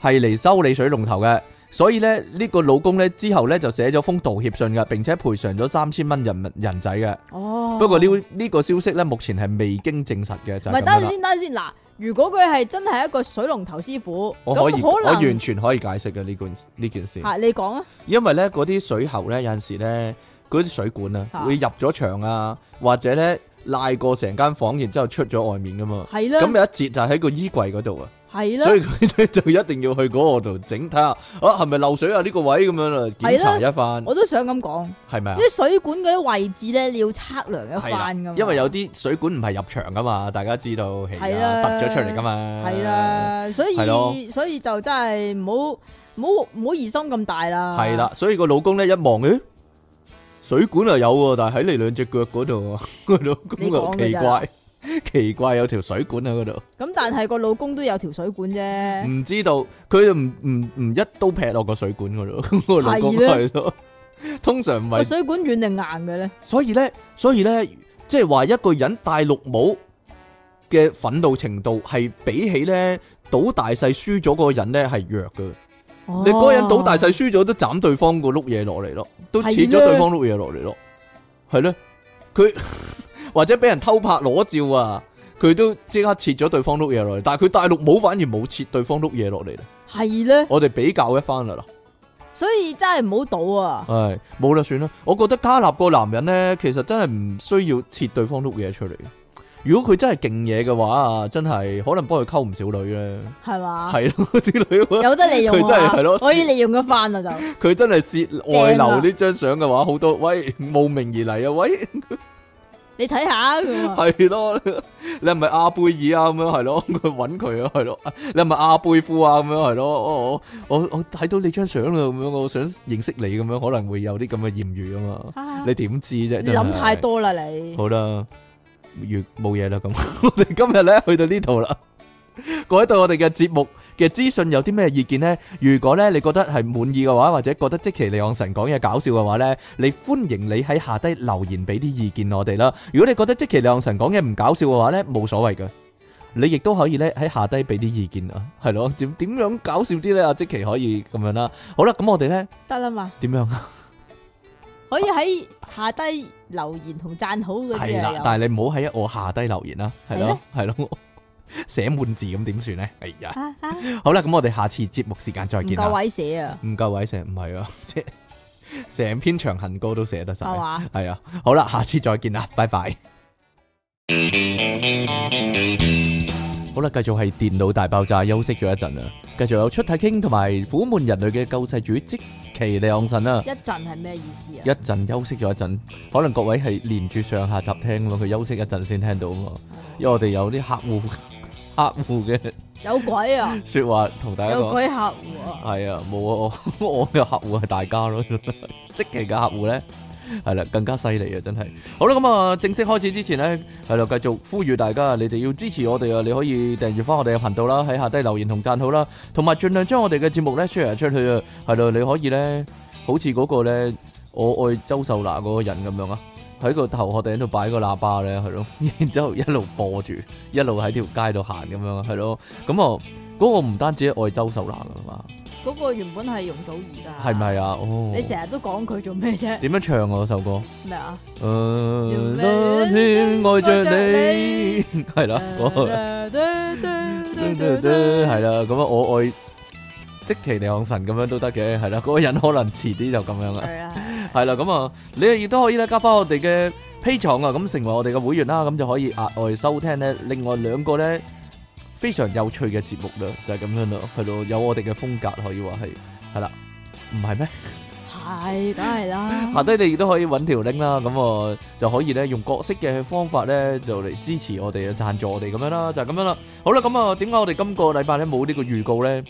係嚟修理水龍頭嘅，所以咧呢個老公咧之後咧就寫咗封道歉信㗎，並且賠償咗三千蚊人人仔嘅。哦，不過呢呢個消息咧目前係未經證實嘅，就係咪等先，等先。嗱，如果佢係真係一個水龍頭師傅，我可以可能我完全可以解釋嘅呢件呢件事。啊，你講啊，因為咧嗰啲水喉咧有陣時咧嗰啲水管啊會入咗牆啊，或者咧賴過成間房間，然之後出咗外面噶嘛。係啦，咁有一節就喺個衣櫃嗰度啊。係啦，所以佢咧就一定要去嗰個度整睇下，啊，係咪漏水啊呢個位咁樣啦，檢查一番。我都想咁講，係咪啊？啲水管嗰啲位置咧，你要測量一番咁。因為有啲水管唔係入牆噶嘛，大家知道係啊，凸咗出嚟噶嘛。係啦，所以所以，所以就真係唔好唔好唔好疑心咁大啦。係啦，所以個老公咧一望，誒、欸，水管又有的，但係喺你兩隻腳嗰度老公咁奇怪。奇怪有條水管喺嗰度，咁但係個老公都有條水管啫，唔知道佢就唔唔唔一刀劈落個水管嗰度，個老公係咯，通常唔係。水管軟定硬嘅咧？所以咧，所以咧，即係話一個人戴綠帽嘅憤怒程度係比起咧賭大細輸咗嗰個人咧係弱㗎，你嗰個人賭大細輸咗都斬對方個碌嘢落嚟咯，都切咗對方碌嘢落嚟咯，係咯，佢。或者俾人偷拍裸照啊，佢都即刻切咗對方碌嘢落嚟，但係佢大陸冇，反而冇切對方碌嘢落嚟啦。係咧，我哋比較一番啦，所以真係唔好賭啊。係冇啦，了算啦。我覺得加納個男人咧，其實真係唔需要切對方碌嘢出嚟。如果佢真係勁嘢嘅話啊，真係可能幫佢溝唔少女咧。係嘛？係咯，啲女有得利用啊， 可以利用一番啊，就 佢真係洩外流呢張相嘅話，好多喂慕名而嚟啊，喂。 你睇下佢係咯，你係咪阿貝爾啊咁樣？係咯，去搵佢啊，係咯，你係咪阿貝夫啊咁樣？係咯，我我我睇到你張相啦咁樣，我想認識你咁樣，可能會有啲咁嘅豔遇啊嘛，你點知啫？你諗太多啦你。好啦，越冇嘢啦，咁我哋今日咧去到呢度啦。各位對我哋嘅節目嘅資訊有啲咩意見呢？如果咧你覺得係滿意嘅話，或者覺得積淇離岸神講嘢搞笑嘅話咧，你歡迎你喺下低留言俾啲意見我哋啦。如果你覺得積淇離岸神講嘢唔搞笑嘅話咧，冇所謂嘅，你亦都可以咧喺下低俾啲意見啊，係咯？點點樣搞笑啲咧？阿積淇可以咁樣啦。好啦，咁我哋咧得啦嘛？點樣啊？可以喺下低留言同讚好佢啊？係啦，但係你唔好喺我下低留言啦，係咯，係咯。寫滿字咁點算呢？哎呀，好啦，咁我哋下次節目時間再見啦。唔夠位寫啊？唔夠位寫，唔係啊，成篇長恨歌都寫得晒係嘛？啊，好啦，啊啊哦啊啊，下次再見啦，拜拜。哦啊，好啦，繼續係電腦大爆炸，休息咗一陣啦，繼續有出體 king 同埋苦悶人類嘅救世主積淇離岸神啦。一陣係咩意思啊？一陣，休息咗一陣，可能各位係連住上下集聽噶嘛，佢休息一陣先聽到啊嘛，嗯，因為我哋有啲客戶。客戶嘅有鬼啊！說話同大家個有鬼客戶啊！係啊，冇啊，我嘅客戶係大家咯，積極嘅客戶咧係啦，更加犀利啊，真係。好啦，咁啊，正式開始之前咧，係咯、啊，繼續呼籲大家啊，你哋要支持我哋啊，你可以訂閱翻我哋嘅頻道啦，喺下低留言同讚好啦，同埋盡量將我哋嘅節目咧 share 出去啊，係咯，你可以咧，好似嗰個咧我愛周秀娜嗰個人咁樣啊。喺個頭殼頂度擺個喇叭咧，係咯，然之後一路播住，一路喺條街度行咁樣，係咯，咁啊，嗰個唔單止係愛周秀娜噶嘛，嗰、那個原本係容祖兒噶，係咪係啊？哦、你成日都講佢做咩啫？點樣唱嗰、啊、首歌？咩啊？呃、啊，天天愛着你，係啦，係啦，咁啊，我愛。 即淇離岸神咁樣都得嘅，係啦，嗰、那個人可能遲啲就咁樣啦，係啦，咁啊，啊啊你啊亦都可以咧加翻我哋嘅 Patreon 啊，咁成為我哋嘅會員啦，咁就可以額外收聽咧另外兩個咧非常有趣嘅節目啦，就係、是、咁樣咯，係咯，有我哋嘅風格可以話係，係啦，唔係咩？係梗係啦， 下低你亦都可以揾條 link 啦，咁啊就可以咧用各式嘅方法咧就嚟支持我哋啊，贊助我哋咁樣啦，就係、是、咁樣啦。好啦，咁啊，點解我哋今個禮拜咧冇呢個預告咧？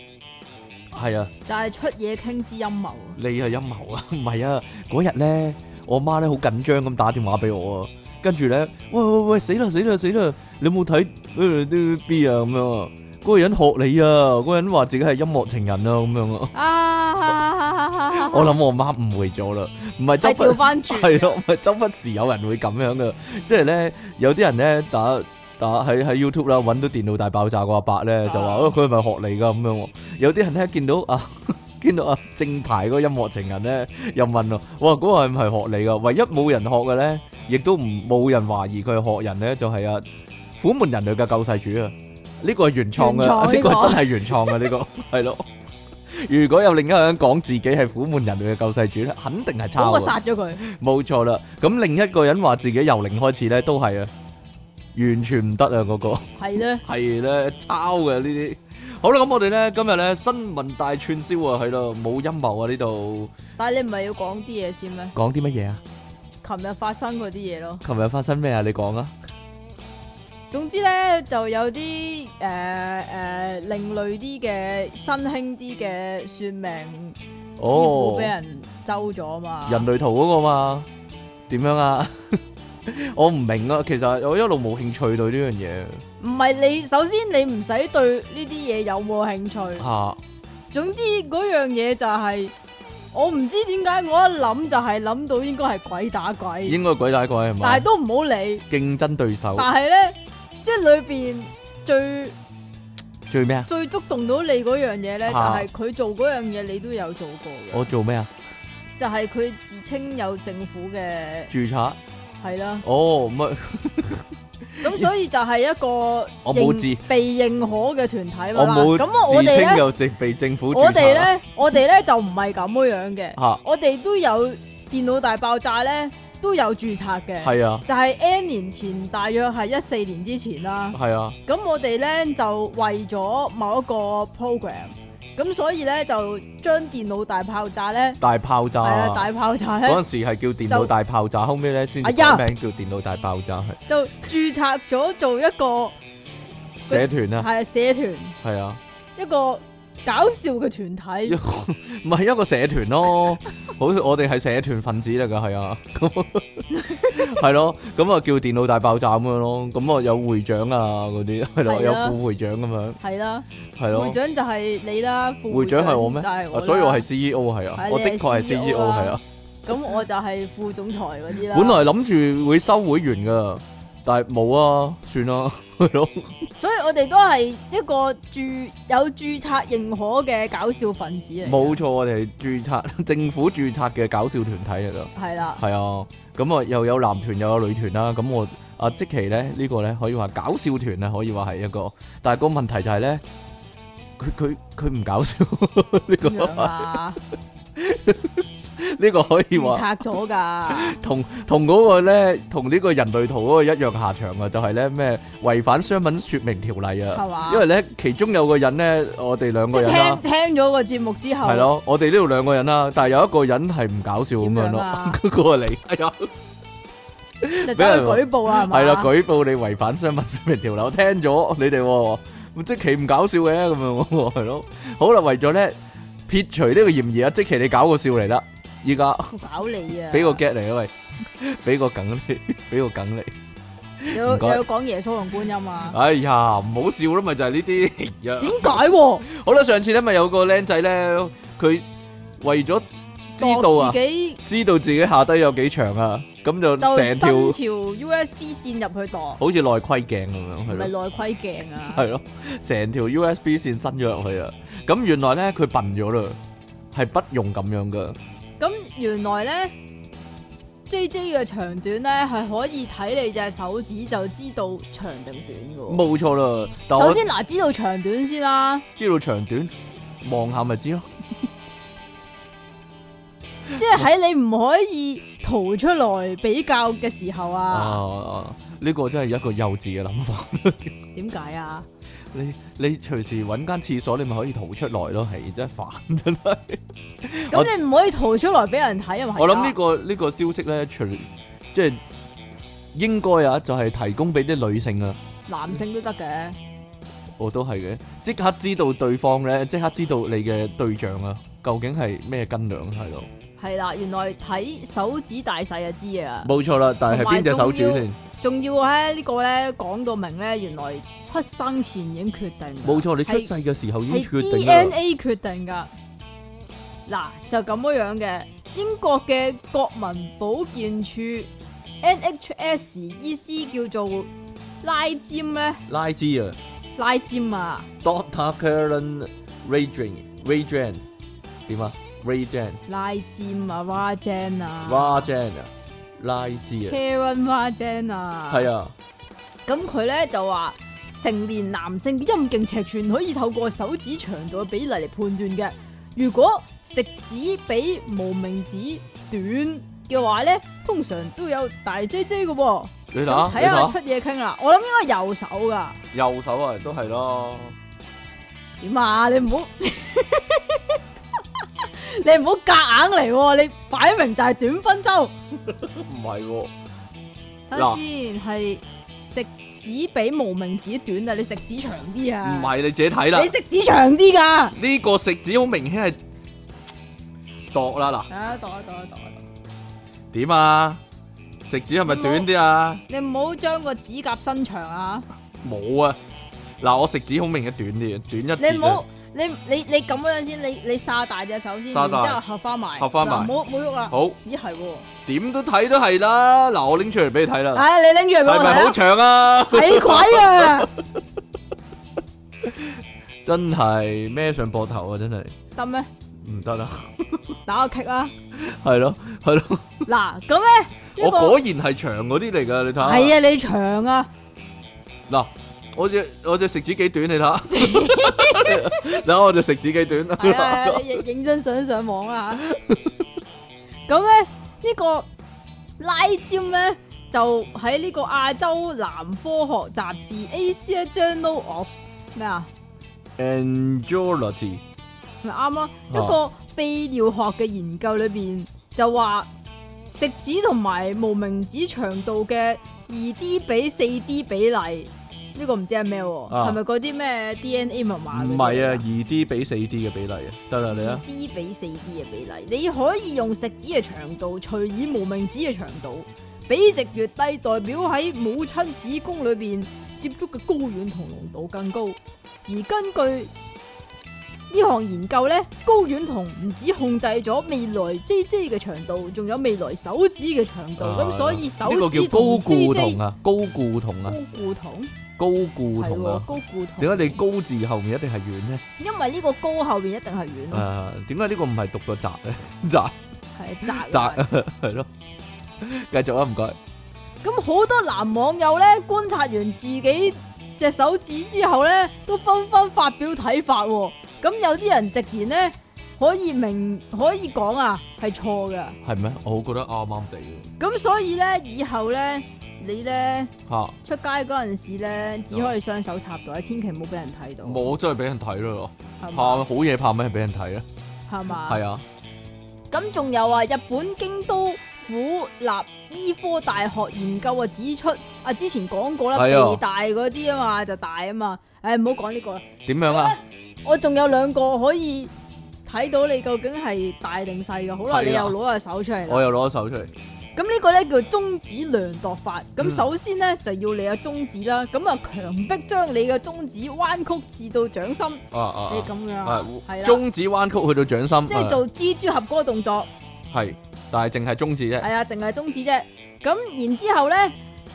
係啊，就係、是、出嘢傾之陰謀，你係陰謀啊？唔係啊，嗰日咧，我媽咧好緊張咁打電話俾我啊，跟住咧，喂喂喂，喂死啦死啦死啦，你冇睇啲 B 啊咁樣，嗰、呃、個、呃呃呃呃、人學你啊，嗰人話自己係音樂情人啊咁樣啊，我諗 我媽誤會咗啦，唔係周不係咯，唔係、啊、周不時有人會咁樣噶，即係咧有啲人咧打。但係喺 YouTube 啦，揾到電腦大爆炸個阿伯咧，就話，哦，佢係咪學你㗎？咁樣，有啲人咧見到啊，見到啊正牌個音樂情人咧，又問咯，哇，嗰個係唔係學你㗎？唯一冇人學嘅咧，亦都唔冇人懷疑佢係學人咧，就係啊，苦悶人類嘅救世主啊！呢個係原創㗎，呢個真係原創㗎，呢個係咯。如果有另一個人講自己係苦悶人類嘅救世主咧，肯定係抄。我殺咗佢。冇錯啦，咁另一個人話自己由零開始咧，都係啊。完全唔得啊！嗰、嗰個係咧，係咧，抄嘅呢啲。好啦，咁我哋咧今日咧新聞大串燒啊，喺度冇陰謀啊呢度。但係你唔係要講啲嘢先咩？講啲乜嘢啊？琴日發生嗰啲嘢咯。琴日發生咩啊？你講啊。總之咧就有啲誒誒另類啲嘅新興啲嘅算命師傅俾人收咗啊嘛、哦。人類圖嗰個嘛？點樣啊？ 我唔明啊，其實我一路冇興趣對呢樣嘢。唔係你，首先你唔使對呢啲嘢有冇興趣。吓，總之嗰樣嘢就係我唔知點解，我一諗就係諗到應該係鬼打鬼。應該係鬼打鬼係嘛？但係都唔好理競爭對手。但係咧，即係裏邊最最咩啊？最觸動到你嗰樣嘢咧，就係佢做嗰樣嘢，你都有做過嘅。我做咩啊？就係佢自稱有政府嘅註冊。係啦，哦，乜咁 所以就係一個認我冇自被認可嘅團體啦。咁我哋咧，政被政府我哋咧，我哋咧就唔係咁樣嘅。我哋，啊，都有電腦大爆炸咧，都有註冊嘅。係啊，就係、是、N 年前，大約係一四年之前啦。係啊，咁我哋咧就為咗某一個 program。咁所以咧就將電腦大爆炸咧，大爆炸，啊、大爆炸嗰陣時係叫電腦大爆炸，後尾咧先改名叫電腦大爆炸，就注冊咗做一個社團啊，係啊，社團，係啊一個。搞笑嘅團體，唔係一個社團咯，好似我哋係社團分子嚟噶，係啊，係咯，咁啊叫電腦大爆炸咁樣咯，咁啊有會長啊嗰啲，係咯，有副會長咁樣，係啦，係咯，會長就係你啦，副會長係我咩？所以，我係 CEO 係啊，我的確係 CEO 係啊，咁我就係副總裁嗰啲啦。本來諗住會收會員噶。但係冇啊，算啦，係咯。所以我哋都係一個註有註冊認可嘅搞笑分子啊。冇錯，我哋係註冊政府註冊嘅搞笑團體嚟噶。係啦，係啊。咁、嗯、啊，又有男團又有女團啦。咁、嗯、我阿積淇咧呢、這個咧可以話搞笑團啊，可以話係一個。但係個問題就係、是、咧，佢佢佢唔搞笑呢個。呢個可以話拆咗噶同同嗰個咧，同呢個人類圖嗰個一樣下場噶，就係咧咩違反商品說明條例啊，係嘛？因為咧其中有個人咧，我哋兩個人啦，聽聽咗個節目之後，係咯，我哋呢度兩個人啦，但係有一個人係唔搞笑咁樣咯，嗰個你，哎呀，就走去舉報啦，係嘛？係啦，舉報你違反商品說明條例，我聽咗你哋，即係唔搞笑嘅咁樣，係咯，好啦，為咗咧撇除呢個嫌疑啊，即係你搞個笑嚟啦。依家，搞你啊！俾個梗嚟，喂！俾個梗你，俾 個梗你。有要講耶穌同觀音啊！哎呀，唔好笑咯，咪就係呢啲。點 解，啊？好啦，上次咧咪有個僆仔咧，佢為咗知道自己知道自己下低有幾長，就是、是是啊，咁就成條 U S B 綫入去度，好似內窺鏡咁樣，係咪內窺鏡啊？係咯，成條 U S B 綫伸咗入去啊！咁原來咧佢笨咗啦，係不用咁樣噶。咁原來咧，JJ 嘅長短咧係可以睇你隻手指就知道長定短嘅。冇錯啦。首先，嗱、啊，知道長短先啦。知道長短，望下咪知咯。即係喺你唔可以圖出來比較嘅時候啊。啊啊啊呢、這個真係一個幼稚嘅諗法，為什麼？點解啊？你你隨時揾間廁所，你咪可以逃出來咯，係真係煩真係。咁你唔可以逃出來俾人睇啊嘛。我諗呢、這個呢、這個消息咧，除即係應該啊，就係提供俾啲女性啊，男性都得嘅。我都係嘅，即刻知道對方咧，即刻知道你嘅對象啊，究竟係咩斤兩係度。係啦，原來睇手指大細就知啊！冇錯啦，但係係邊隻手指先？仲要喺呢個咧講到明咧，原來出生前已經決定。冇錯，你出世嘅時候已經決定 D N A 決定噶。嗱、啊，就咁樣樣嘅，英國嘅國民保健處 N H S 意思叫做拉尖咧。拉尖啊、啊、啊、啊！拉尖啊！Doctor Karen Regan Regan 點啊？Ray J、a n 拉尖啊，R J 啊，R J 啊，拉尖啊，Kevin R J 啊，係啊，咁佢咧就話成年男性陰莖尺寸可以透過手指長度嘅比例嚟判斷嘅。如果食指比無名指短嘅話咧，通常都有大 J J 嘅。你睇下、啊、出嘢傾啦，我諗應該右手噶，右手啊，都係咯。點啊，你唔好。你唔好夾硬嚟，你擺明就係短分周，唔 係、啊，先係、啊、食指比無名指短啊，你食指長啲啊，唔係你自己睇啦，你食指長啲噶、啊，呢、這個食指好明顯係度啦嗱，啊度啊度啊度啊度，點啊食指係咪短啲啊？你唔好將個指甲伸長啊，冇啊，嗱我食指好明顯短啲，短一截好。你你你咁樣先，你你揸大隻手先，然之後合翻埋，唔好唔好喐啦。好，咦係喎，點都睇都係啦。嗱，我拎出嚟俾你睇啦。係啊，你拎住嚟俾我睇。係咪好長啊？死鬼啊！真係孭上膊頭啊！真係得咩？唔得啦！打個劇啊！係咯，係咯。嗱咁咧，我果然係長嗰啲嚟噶，你睇下。係啊，你長啊。嗱。我隻我隻食指幾短，你睇下。嗱，我隻食指幾短啦。係 啊，認真想上網啊。咁 咧呢、呢個拉尖咧，就喺呢個亞洲男科學雜誌 A C Journal of、啊，咩啊？Andrology 咪啱咯，一個泌尿學嘅研究裏邊就話食指同埋無名指長度嘅二 D 比四 D 比例。呢、這個唔知係咩、啊，係咪嗰啲咩 DNA 密碼？唔係啊，二 D 比四 D 嘅比例啊，得啦你啊，二 D 比四 D 嘅比例，你可以用食指嘅長度，除以無名指嘅長度，比值越低，代表喺母親子宮裏邊接觸嘅高丸酮濃度更高。而根據呢項研究咧，高丸酮唔止控制咗未來 J J 嘅長度，仲有未來手指嘅長度。咁、啊、所以手指同啊，JJ, 高固酮啊，高固酮。高固同啊，點解、哦、你高字後面一定係軟呢？因為呢個高後面一定係軟咯。點解呢個唔係讀個宅咧？宅？係宅？窄係咯。繼 窄的 窄的 續啊，唔該。咁好多男網友咧，觀察完自己隻手指之後咧，都紛紛發表睇法，哦。咁有啲人直言咧，可以明可以講啊，係錯嘅。係咩？我覺得啱啱地。咁所以咧，以後咧。你咧吓、啊、出街嗰陣時咧，只可以雙手插袋、啊，千祈唔好俾人睇到。冇真係俾人睇咯，怕好嘢？怕咩？俾人睇咧，係嘛？係啊。咁仲有啊？日本京都府立醫科大學研究啊，指出啊，之前講過啦，鼻、啊、大嗰啲啊嘛就大啊嘛。誒、欸，唔好講呢個啦。點樣啊？啊我仲有兩個可以睇到你究竟係大定細嘅，好啦、啊啊，你又攞下手出嚟。我又攞手出嚟。咁呢個咧叫中指量度法。咁首先咧、嗯、就要你個中指啦。咁啊，強迫將你嘅中指彎曲至到掌心。啊啊，啊，啊，係、就、咁、是、樣。係、啊、中指彎曲去到掌心。即係做蜘蛛俠嗰個動作。係、啊啊，但係淨係中指啫。係啊，淨係中指啫。咁然之後咧，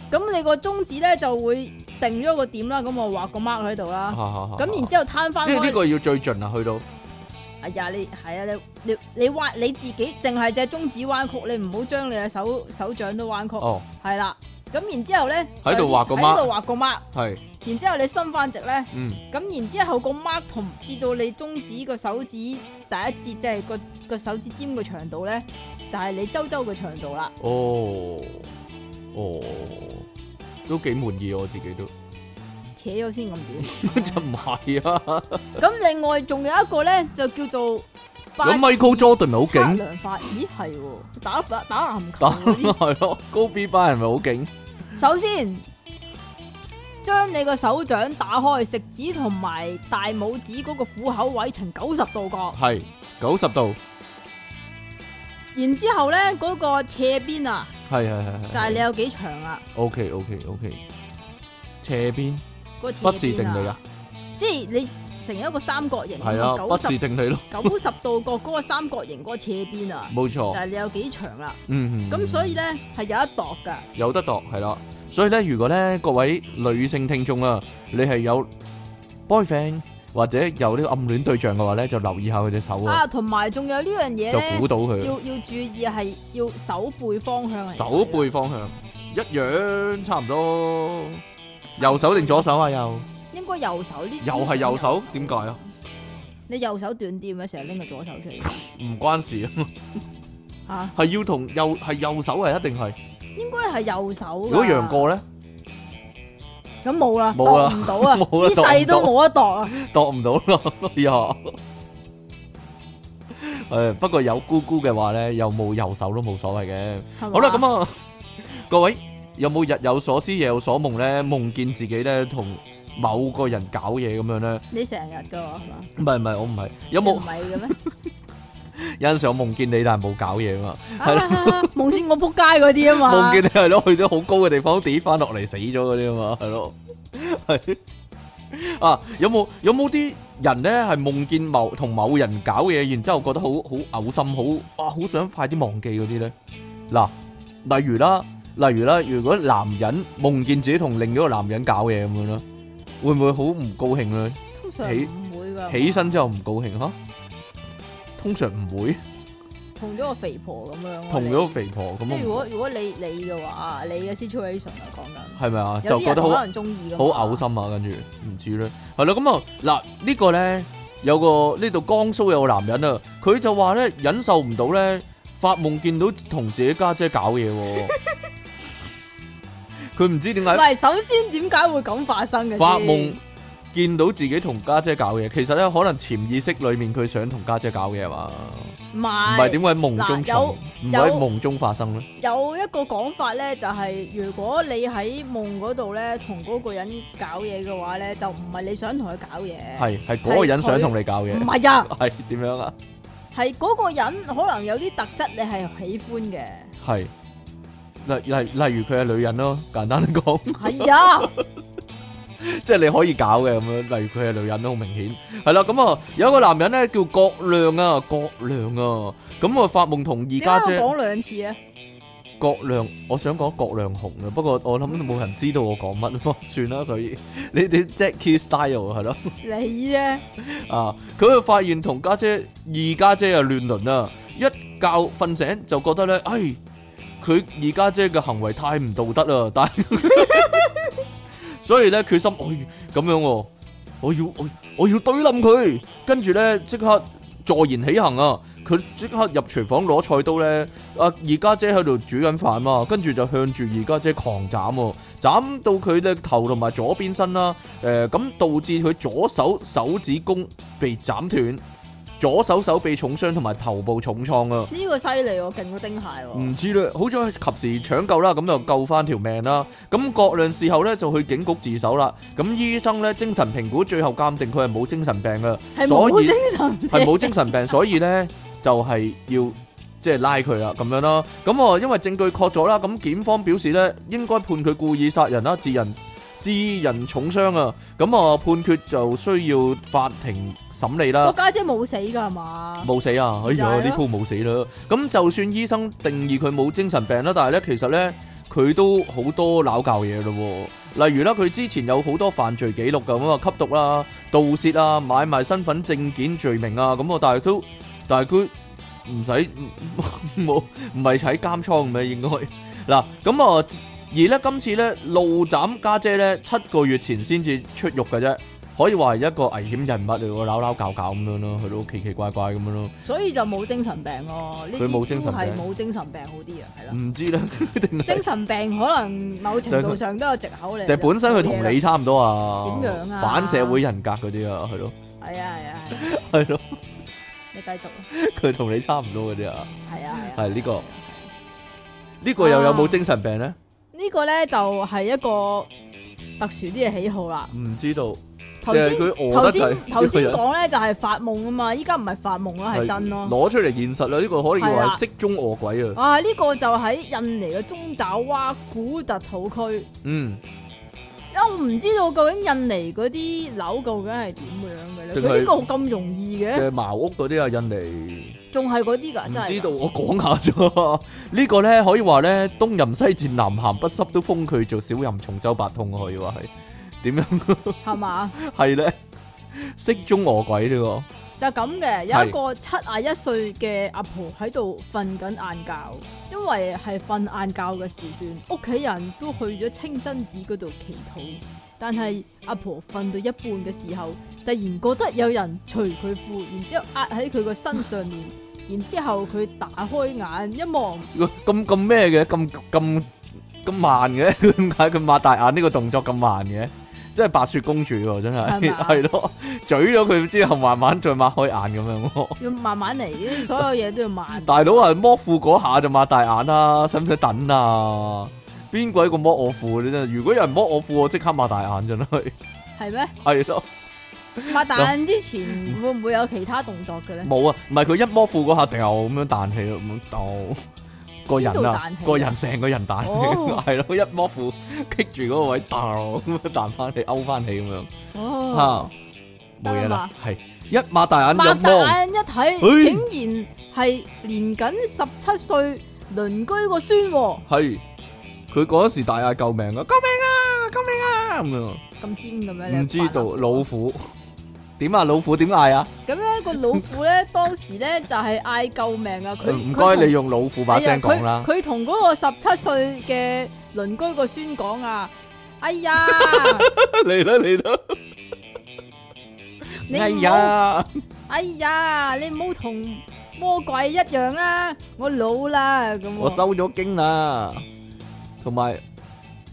咁你個中指咧就會定咗個點啦。咁我畫個 mark 喺度啦。好、啊、咁、啊啊啊啊、然之後攤翻、啊啊啊。即係呢個要最盡啊，去到。係、哎、呀，你係啊，你你你挖你自己，淨係只中指彎曲，你唔好將你嘅手手掌都彎曲。哦、啊，係啦，咁然之後咧喺度畫個 mark 喺度畫個 mark，係。然之後你伸翻直咧，嗯，咁然之後個 mark 同至到你中指個手指第一節即係個個手指尖嘅長度咧，就係、是、你周周嘅長度啦。哦，哦，都幾滿意我自己都。扯咗先咁短，就唔係啊！咁另外仲有一個咧，就叫做。咁 Michael Jordan 好勁。力量法，咦係喎，打打打籃球嗰啲係咯。高比係咪好勁？首先，將你個手掌打開，食指同埋大拇指嗰個虎口位呈九十度角，係九十度。然之後咧，嗰個斜邊啊，係係係係，就係你有幾長啊？OK OK OK，斜邊。不是畢氏定理啊！即係你成一個三角形，係啊，畢氏定理咯，九十度角嗰個三角形嗰個斜邊啊，冇錯，就係你有幾長啦。嗯，咁所以咧，係有得度噶，有得度係啦。所以咧，如果咧各位女性聽眾啊，你係有 boyfriend 或者有呢個暗戀對象嘅話咧，就留意下佢隻手啊。同埋仲有呢樣嘢，就估到佢要要注意係要手背方向啊。手背方向一樣差唔多。右手定左手啊？又應該右手呢？又係右手？點解啊？你右手短啲咩？成日拎個左手出嚟？唔關事啊！吓係要同右係右手係一定係應該係右手。如果楊過咧咁冇啦，冇啦，唔到啊，一世都冇得度啊，度唔到咯。哎呀，誒，不過有姑姑嘅話咧，又冇右手都冇所謂嘅。好啦，咁啊，各位。有冇日有所思夜有所夢咧？夢見自己咧同某個人搞嘢咁樣咧？你成日噶喎，係嘛？唔係唔係，我唔係。有冇唔係嘅咩？有陣時我夢見你，但係冇搞嘢啊嘛，係咯？夢見我撲街嗰啲啊嘛？夢見你係咯，去咗好高嘅地方，跌翻落嚟死咗嗰啲啊嘛，係咯？係啊，有冇有冇啲人咧係夢見某同某人搞嘢，然之後覺得好好嘔心，好哇，好想快啲忘記嗰啲咧？嗱，例如啦。例如啦，如果男人夢見自己同另一個男人搞嘢咁樣咯，會唔會好唔高興咧？通常唔會噶。起身之後唔高興吓，通常唔會，啊，會。同咗個肥婆咁樣。同咗個肥婆咁。即係如果如果你你嘅話，你嘅 situation 啊，講緊係咪啊？就覺得好可能中意，好嘔心啊！跟住唔知咧，係咯咁啊嗱，呢個咧有個呢度江蘇有個男人啊，佢就話咧忍受唔到咧，發夢見到同自己家姐搞嘢喎。佢唔知點解？唔係首先點解會咁發生嘅？發夢見到自己同家姐搞嘢，其實咧可能潛意識裡面佢想同家姐搞嘢啊嘛。唔係唔係點解夢中唔會喺夢中發生咧？有一個講法咧，就係如果你喺夢嗰度咧同嗰個人搞嘢嘅話咧，就唔係你想同佢搞嘢。係係嗰個人想同你搞嘢。唔係啊？係點樣啊？係嗰個人可能有啲特質你係喜歡嘅。係。例例例如佢係女人咯，簡單啲講，係啊，即 係你可以搞嘅咁樣。例如佢係女人都好明顯係啦。咁啊，有一個男人咧叫郭亮啊，郭亮啊，咁啊發夢同二家姐，姐，講兩次啊。郭亮，我想講郭亮紅啊，不過我諗冇人知道我講乜咯， 算啦。所以你哋 Jackie Style 係咯，你咧啊，佢、啊、會發現同家姐，姐二家姐啊亂倫啊，一覺瞓醒就覺得咧，哎。佢二家姐嘅行為太唔道德啦，但係 所以咧決心，我、哎、咁樣、哦，我要我我要對冧佢，跟住咧即刻坐言起行啊！佢即刻入廚房攞菜刀咧，阿二家姐喺度煮緊飯啊。跟住就向住二家姐狂斬，啊，斬到佢嘅頭同埋左邊身啦，啊，誒、呃、咁導致佢左手手指公被斬斷。左手手臂重傷同埋頭部重創啊！呢個犀利喎，勁過丁蟹喎！唔知咧，好在及時搶救啦，咁就救翻條命啦。咁郭亮事後咧就去警局自首啦。咁醫生咧精神評估，最後鑑定佢係冇精神病噶，所以精神係冇精神病，所以咧就係要即係拉佢啦咁樣囉。咁我因為證據確咗啦，咁檢方表示咧應該判佢故意殺人啦，致人，致人重傷啊！咁啊，判決就需要法庭審理啦。我家姐冇死噶係嘛？冇死啊！哎呀，呢鋪冇死啦。咁就算醫生定義佢冇精神病啦，但係咧，其實咧佢都好多鬧教嘢咯。例如啦，佢之前有好多犯罪記錄噶，咁啊，吸毒啊、盜竊啊、買賣身份證件罪名啊，咁啊，但係都，但係佢唔使冇，唔係喺監倉咩？應該嗱，咁啊。而咧，今次咧，路斬家姐咧，七個月前先至出獄㗎啫，可以話係一個危險人物啊，扭扭搞搞咁樣咯，佢都奇奇怪怪咁樣咯。所以就冇精神病咯，佢冇精神病，係冇精神病好啲啊，係啦。唔知啦，精神病可能某程度上都有借口嚟。但本身佢同你差唔多啊。點樣啊？反社會人格嗰啲 啊，係咯。係啊係啊係。係咯，你繼續。佢同你差唔多嗰啲啊。係啊係，呢個呢個又有冇精神病咧？這個、呢個咧就係、是、一個特殊啲嘅喜好啦。唔知道。頭先頭先頭先講咧就係發夢啊嘛，依家唔係發夢啦，係真咯。攞出嚟現實啦，呢、這個可以話色中餓鬼啊。啊，呢、這個就喺印尼嘅中爪哇古特土區。嗯。啊，我唔知道究竟印尼嗰啲樓究竟係點樣嘅咧？佢呢個咁容易嘅？誒，茅屋嗰啲啊，印尼。仲係嗰啲噶，唔知道嗎，我講下咋？ 呢個咧可以話咧，東淫西戰南咸不濕都封佢做小淫重周百通可以話係點樣的？係嘛？係 咧，色中餓鬼呢個就咁嘅，有一個七啊一歲嘅阿婆喺度瞓緊晏覺是，因為係瞓晏覺嘅時段，屋企人都去咗清真寺嗰度祈禱，但係阿婆瞓到一半嘅時候，突然覺得有人除佢褲，然之後壓喺佢個身上面， 然之後佢打開眼一望，咁咁咩嘅，咁咁咁慢嘅，點解佢擘大眼呢個動作咁慢嘅？即係白雪公主喎，啊，真係係咯，嘴咗佢之後慢慢再擘開眼咁樣喎， 要慢慢嚟，所有嘢都要慢的。 大佬啊，摸褲嗰下就擘大眼啦，使唔使等啊？邊鬼咁摸我褲？你真係，如果有人摸我褲，我即刻擘大眼入去。係 咩是嗎？係 咯。擘大眼之前會唔會有其他動作嘅咧？冇啊，唔係佢一摸褲嗰下掉咁樣彈起咁樣，到個人啊，個人成個人彈起，係咯，一摸褲棘住嗰個位掉咁樣彈翻起，勾翻起咁樣，吓冇嘢啦，係一擘大眼咁多。擘大眼一睇竟然係年僅十七歲鄰居個孫。係，佢嗰時大嗌救命啊，救命啊，救命啊咁樣。咁尖嘅咩？唔知道，老虎。點啊！老虎點嗌啊？咁、樣、咧，個老虎咧， 當時咧就係、是、嗌救命啊！佢唔該你用老虎把聲講啦。佢同嗰個十七歲嘅鄰居個孫講啊！哎呀，嚟啦嚟啦！啦 你唔哎，哎，哎呀，你唔好同魔鬼一樣啊！我老啦，咁我收咗經啦，同 埋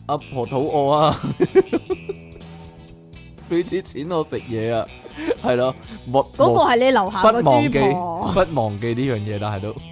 阿婆肚餓啊，俾啲錢我食嘢啊！係 咯，嗰、嗰個係你留下的不忘記， 不忘記呢樣嘢啦，但係都。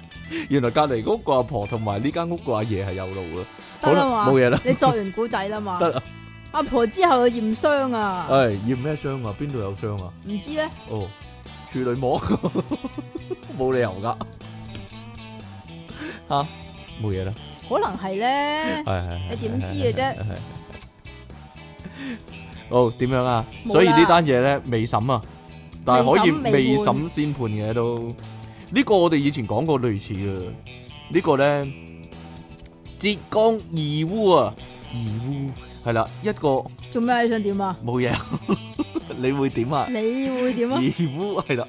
原來隔籬屋個阿婆同埋呢間屋個阿爺係有路啦，得啦，冇嘢啦。你作完古仔啦嘛？得啦。阿婆之後驗傷啊？唉驗咩傷啊？邊度有傷啊？唔知咧。哦、oh，處女膜，冇 理由噶。吓、啊，冇嘢啦。可能係咧。係 係你點知嘅啫？哦，點樣啊？所以呢單嘢咧未審啊，但係可以未審先判嘅都。呢、呢個我哋以前講過類似嘅，呢個、呢個咧浙江義烏啊，義烏係啦一個。做咩？你想點啊？冇嘢， 你會點啊？你會點啊？義烏係啦，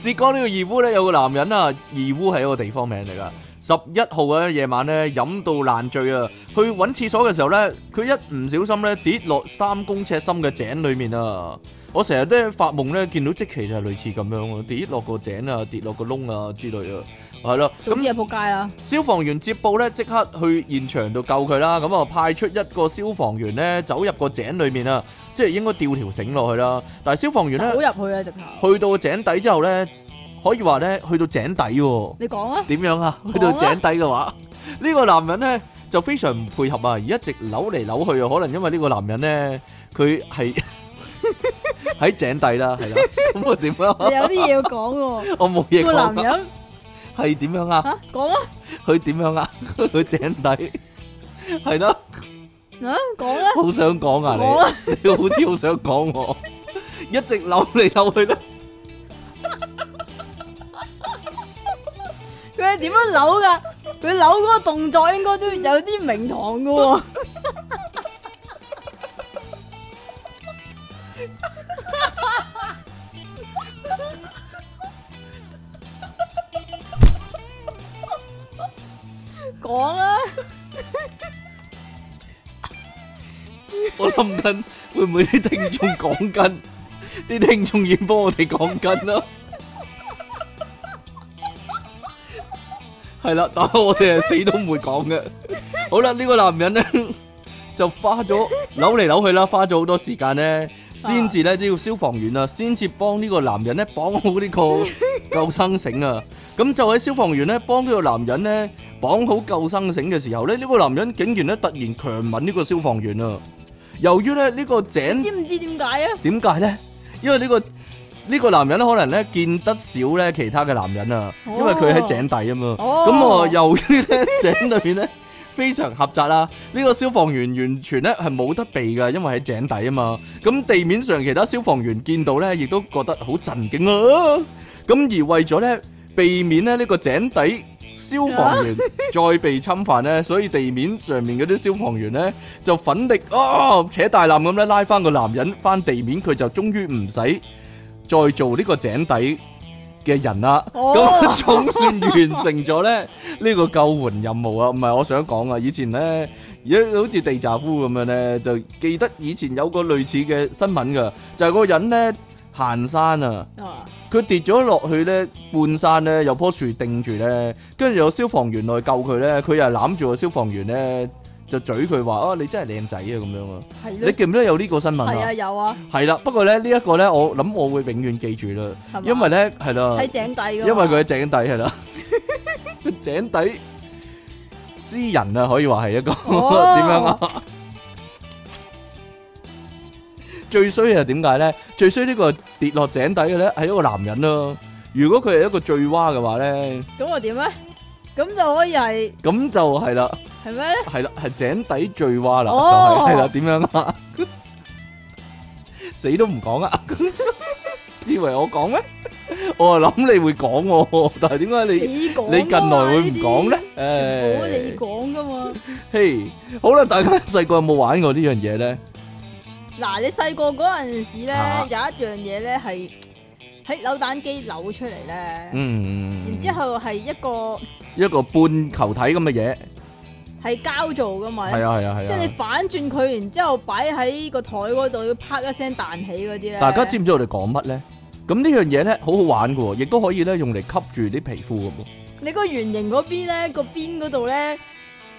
浙江個屋呢個義烏咧，有個男人啊，義烏係一個地方名嚟噶。十一號嘅夜晚咧飲到爛醉啊，去搵廁所嘅時候咧，佢一唔小心咧跌落三公尺深嘅井裏面啊！我成日都發夢咧，見到即係就係類似咁樣咯，跌落個井啊，跌落個窿啊之類啊，係咯。咁撲街啦。消防員接報咧，即刻去現場度救佢啦。咁啊，派出一個消防員咧，走入個井裏面啊，即係應該吊條繩落去啦。但係消防員咧，走入去啊，直頭。去到井底之後咧，可以話咧，去到井底喎。你講啊。點樣啊？去到井底嘅話，呢個男人咧就非常唔配合啊，而一直扭嚟扭去啊。可能因為呢個男人咧，佢係。喺井底啦，係啦，咁我點樣？你有啲嘢要講喎。我冇嘢講。個男人係點樣啊？講啊！佢點樣啊？佢井底係啦。啊，講啊！好想講啊！你，你好似好想講喎，一直扭嚟扭去啦。佢係點樣扭噶佢扭嗰個動作應該都有啲名堂噶講啦！我諗緊會唔會啲聽眾講緊，啲聽眾願幫我哋講緊啦。係啦，但我哋係死都唔會講嘅。好啦，呢個男人咧就花咗扭嚟扭去啦，花咗好多時間咧。先至咧都要消防員啊，先至幫呢個男人咧綁好呢個救生繩啊。咁 就喺消防員咧幫呢個男人咧綁好救生繩嘅時候咧，呢、這個男人竟然咧突然強吻呢個消防員啊。由於咧呢個井，知唔知點解啊？點解咧？因為呢、這個呢、這個男人咧可能咧見得少咧其他嘅男人啊，因為佢喺井底啊嘛。咁啊，由於咧井裏面咧。 非常狹窄啦，呢個消防員完全呢係冇得避㗎，因為喺井底啊嘛。咁地面上其他消防員見到呢，亦都覺得好震驚啊。咁而為咗呢，避免呢呢個井底消防員再被侵犯呢，所以地面上面嗰啲消防員呢，就奮力啊扯大纜咁咧拉翻個男人翻地面，佢就終於唔使再做呢個井底嘅人啦、啊，咁、哦、總 算完成咗咧呢個救援任務啊！唔係我想講啊，以前咧，而家好似地紮夫咁樣咧，就記得以前有個類似嘅新聞㗎，就係、是、個人咧行山啊，佢跌咗落去咧半山咧有棵樹定住咧，跟住有消防員來救佢咧，佢又攬住個消防員咧。就嘴佢話啊，你真係靚仔啊，咁樣啊，你記唔、啊、記得有呢個新聞啊？係啊，有啊。係啦，不過咧呢一、這個咧，我諗我會永遠記住啦，因為咧係啦喺井底因為佢喺井底係啦， 井底之人啊，可以話係一個點、哦、樣啊？ 最衰係點解咧？最衰呢、這個跌落井底嘅咧，係一個男人咯。如果佢係一個醉蛙嘅話咧，咁我點咧？咁就可以係咁就係啦，係咩咧？係啦，係井底聚蛙啦，就係啦，點樣啊？死都唔講啊！以為我講咩？我係諗你會講，但係點解你你近來會唔講咧？誒，我你講噶嘛？嘿，好啦，大家細個有冇玩過呢樣嘢咧？嗱，你細個嗰陣時咧，有一樣嘢咧，係喺扭蛋機扭出嚟咧，嗯，然之後係一個。一個半球體咁嘅嘢，係膠做噶嘛？係啊係啊係啊！即係、啊啊啊就是、你反轉佢，然之後擺喺個台嗰度，要啪一聲彈起嗰啲咧。大家知唔知我哋講乜咧？咁呢樣嘢咧好好玩噶，亦都可以咧用嚟吸住啲皮膚噶噃。你個圓形嗰邊咧個邊嗰度咧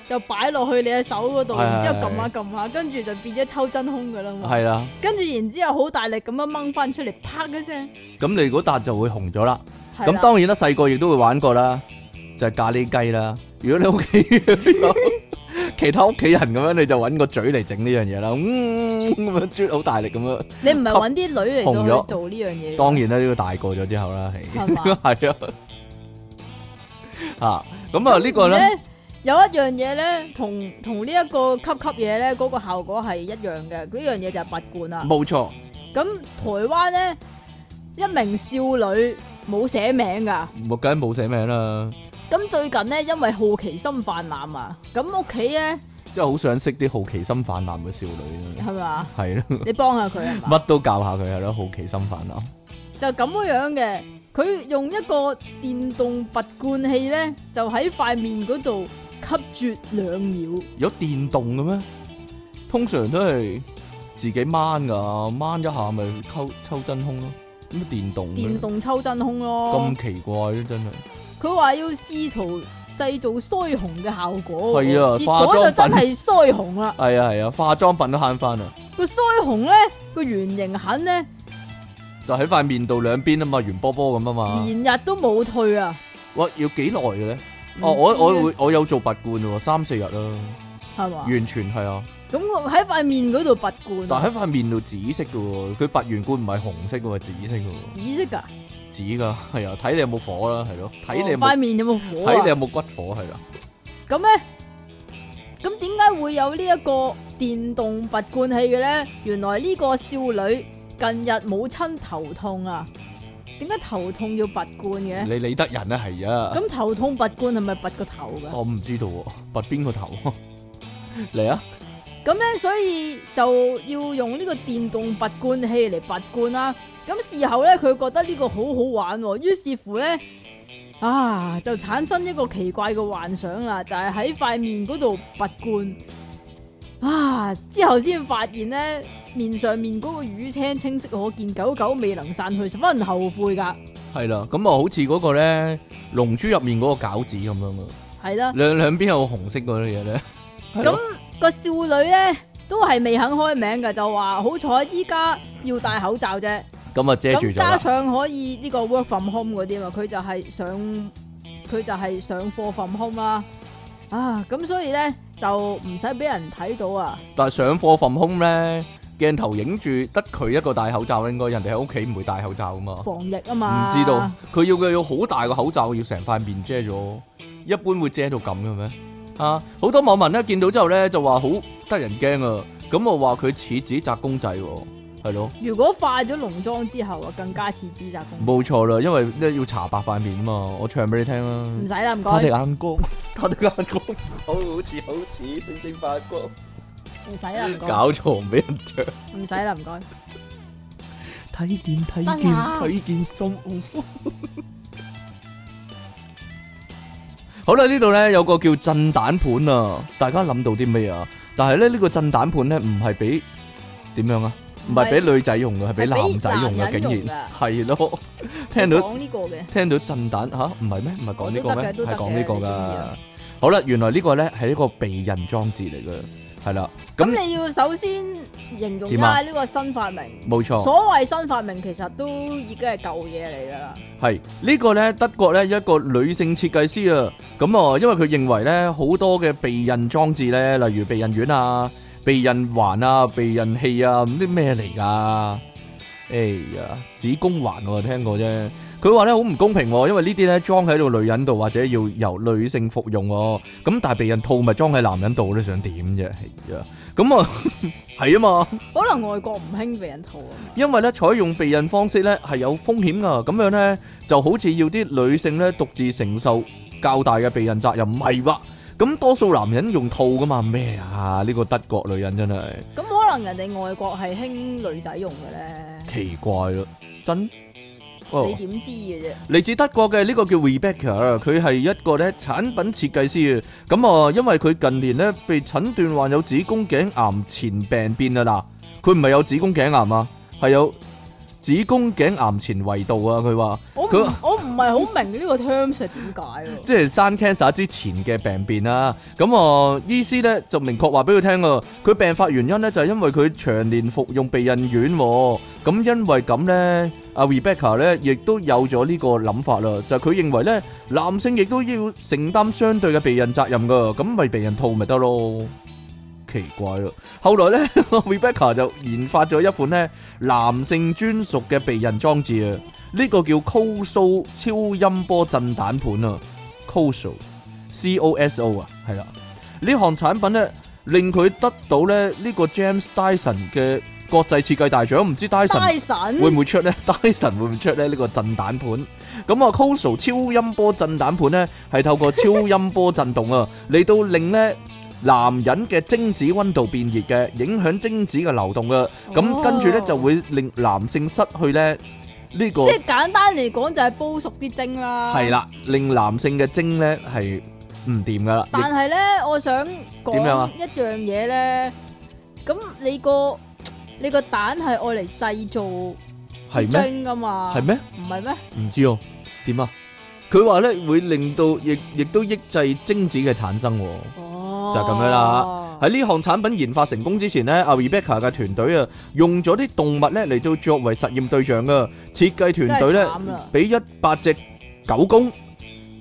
就擺落去你嘅手嗰度、啊，然之後撳下撳下，跟住、啊啊、就變咗抽真空噶啦嘛。係啦、啊，跟住然之後好大力咁樣掹翻出嚟，啪一聲。咁你嗰笪就會紅咗啦。咁、啊、當然啦，細個亦都會玩過啦。就係咖喱雞啦！如果你屋企其他屋企人咁樣，你就揾個嘴嚟整呢樣嘢啦。嗯，咁樣啜好大力咁樣。你唔係揾啲女嚟都做呢樣嘢？當然啦，呢個大個咗之後啦，係。係嘛？係啊。嚇！咁啊，呢個咧有一樣嘢咧，同同呢一個吸吸嘢咧，嗰個效果係一樣嘅。嗰樣嘢就係拔罐啦。冇錯。咁台灣咧，一名少女冇寫名㗎。我梗係冇寫名啦。咁最近咧，因為好奇心泛濫啊，咁屋企咧，即係好想識啲好奇心泛濫嘅少女啦，係咪？係咯，你幫下佢啊，乜都教下佢係咯，好奇心泛濫。就咁樣嘅，佢用一個電動拔罐器咧，就喺塊面嗰度吸住兩秒。有電動嘅咩？通常都係自己掹噶，掹一下咪抽抽真空咯，乜電動？電動抽真空咯。咁奇怪咧，真係。佢話要試圖製造腮紅嘅效果，係啊，結果就真係腮紅啦。係啊係啊，化妝品都慳翻啊。個腮紅咧，個圓形痕咧，就喺塊面度兩邊啊嘛，圓波波咁啊嘛。連日都冇退啊！哇，要幾耐嘅咧？哦、啊，我我會我，我有做拔罐喎，三四日啦，係嘛？完全係啊。咁我喺塊面嗰度拔罐，但喺塊面度紫色噶，佢拔完罐唔係紅色噶，係紫色噶。紫色噶、啊。紙噶係啊，睇你有冇火啦，係咯，睇你塊面有冇火，睇你有冇骨火係啦。咁咧，咁點解會有呢一個電動拔罐器嘅咧？原來呢個少女近日母親頭痛啊，點解頭痛要拔罐嘅？你理得人咧，係啊。咁頭痛拔罐係咪拔個頭噶？我唔知道，拔邊個頭？嚟啊！咁咧，所以就要用呢個電動拔罐器嚟拔罐啦。咁事後咧，佢覺得呢個好好玩，於是乎咧啊，就產生一個奇怪嘅幻想啊，就係喺塊面嗰度拔罐啊，之後先發現咧，面上面嗰個淤青清晰可見，久久未能散去，十分後悔噶。係啦，咁啊，好似嗰個咧龍珠入面嗰個餃子咁樣啊，係啦，兩兩邊有紅色嗰啲嘢咧。咁、 那個少女咧都係未肯開名嘅，就話好彩依家要戴口罩啫。咁啊遮住咗加上可以呢個 work from home 嗰啲嘛，佢就係上佢就係上課 from home 啦，啊咁所以咧就唔使俾人睇到啊。但係上課 from home 咧，鏡頭影住得佢一個戴口罩應該，人哋喺屋企唔會戴口罩啊嘛，防疫啊嘛，唔知道佢要佢要好大個口罩，要成塊面遮咗，一般會遮到咁嘅咩？啊，好多網民咧見到之後咧就話好得人驚啊，咁我話佢似紙紮公仔。係咯，如果化咗濃妝之後啊，更加似紙紮公。冇錯啦，因為咧要搽白塊面啊嘛，我唱俾你聽啦。唔使啦，唔該。我啲眼光，我啲眼光， 好似好似星星發光。唔使啦，搞錯俾人唱。唔使啦，唔該。睇 見睇見睇見心。我 好啦，呢度咧有個叫震蛋盤啊，大家諗到啲咩啊？但係咧呢、這個震蛋盤咧唔係俾點樣啊？唔係俾女仔用嘅，係俾男仔用嘅，竟然係咯。聽到聽到震蛋吓，唔係咩？唔係講呢個咩？係講呢個噶。好啦，原來呢個咧係一個避孕裝置嚟嘅，係啦。咁你要首先形容下呢個新發明。冇錯，所謂新發明其實都已經係舊嘢嚟噶啦。係呢個咧，德國咧有一個女性設計師啊。咁啊，因為佢認為咧，好多嘅避孕裝置咧，例如避孕丸啊。避孕環啊，避孕器啊，咁啲咩嚟噶？哎呀，子宮環我聽過啫。佢話咧好唔公平喎，因為呢啲咧裝喺度女人度，或者要由女性服用喎。咁但係避孕套咪裝喺男人度咧，想點啫？係啊，咁啊，係啊嘛。可能外國唔興避孕套啊。因為咧，採用避孕方式咧係有風險噶，咁樣咧就好似要啲女性咧獨自承受較大嘅避孕責任，唔係哇。咁多數男人用套噶嘛？咩啊？呢個德國女人真係咁，可能人哋外國係興女仔用嘅咧？奇怪咯，真，你點知嘅啫？哦，嚟自德國嘅呢個叫 Rebecca，佢係一個咧產品設計師。咁啊，因為佢近年咧被診斷患有子宮頸癌前病變啊！嗱，佢唔係有子宮頸癌啊，係有。子宮頸癌前維度啊，佢話我唔係好明呢個 terms 係點解啊？即 係生 cancer 之前嘅病變啦、啊。咁啊、呃，醫師咧就明確話俾佢聽啊，佢病發原因咧就係、是、因為佢長年服用避孕丸、啊。咁、嗯、因為咁咧，阿、啊、Rebecca 咧亦都有咗呢個諗法啦，就係、是、佢認為咧，男性亦都要承擔相對嘅避孕責任㗎。咁咪避孕套咪得咯。奇怪咯，後來咧，Rebecca 就研發咗一款咧男性專屬嘅避孕裝置啊，呢、這個叫 Coso 超音波震蛋盤啊，Coso，C O S O 啊，係啦，呢項產品咧令佢得到咧呢、這個 James Dyson 嘅國際設計大獎，唔知 Dyson, Dyson 會唔會出咧？Dyson 會唔會出咧呢、這個震蛋盤？咁啊，Coso 超音波震蛋盤咧係透過超音波震動啊嚟 到令咧。男人嘅精子溫度變熱嘅，影響精子嘅流動噶。咁跟住咧就會令男性失去咧呢個。即係簡單嚟講，就係煲熟啲精啦。係啦，令男性嘅精咧係唔掂噶啦。但係咧，我想講一樣嘢咧。咁你個你個蛋係愛嚟製造精噶嘛？係咩？唔係咩？唔知喎？點啊？佢話咧會令到亦亦都抑制精子嘅產生。就咁樣啦。喺呢項產品研發成功之前咧，Rebecca 嘅團隊啊，用咗啲動物咧嚟到作為實驗對象噶。設計團隊咧，俾一百隻狗公，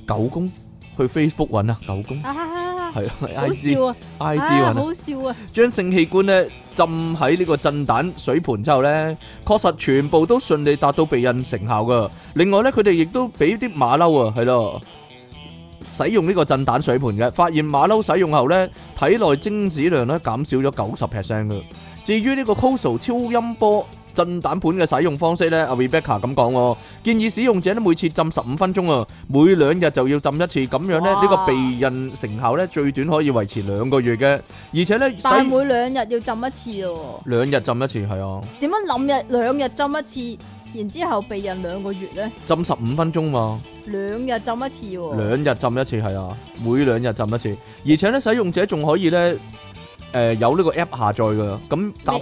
狗公去 Facebook 搵啊，狗公係啊，I G，好笑啊，I G 搵啊，將性器官咧浸喺呢個震蛋水盆之後咧，確實全部都順利達到避孕成效噶。另外咧，佢哋亦都俾啲馬騮啊，係咯。使用呢個震蛋水盆嘅，發現馬騮使用後呢體內精子量咧減少咗九十 percent 嘅。至於呢個 coso 超音波震蛋盤嘅使用方式呢，阿 Rebecca 咁講，建議使用者咧每次浸十五分鐘啊，每兩日就要浸一次，咁樣咧呢個避孕成效咧最短可以維持兩個月嘅，而且呢但係每兩日要浸一次咯，兩日浸一次係啊，點樣諗日兩日浸一次？然之後避孕兩個月咧，浸十五分鐘嘛，兩日浸一次喎，兩日浸一次係啊，每兩日浸一次，而且咧使用者仲可以咧，誒有呢個 app 下載噶，咁搭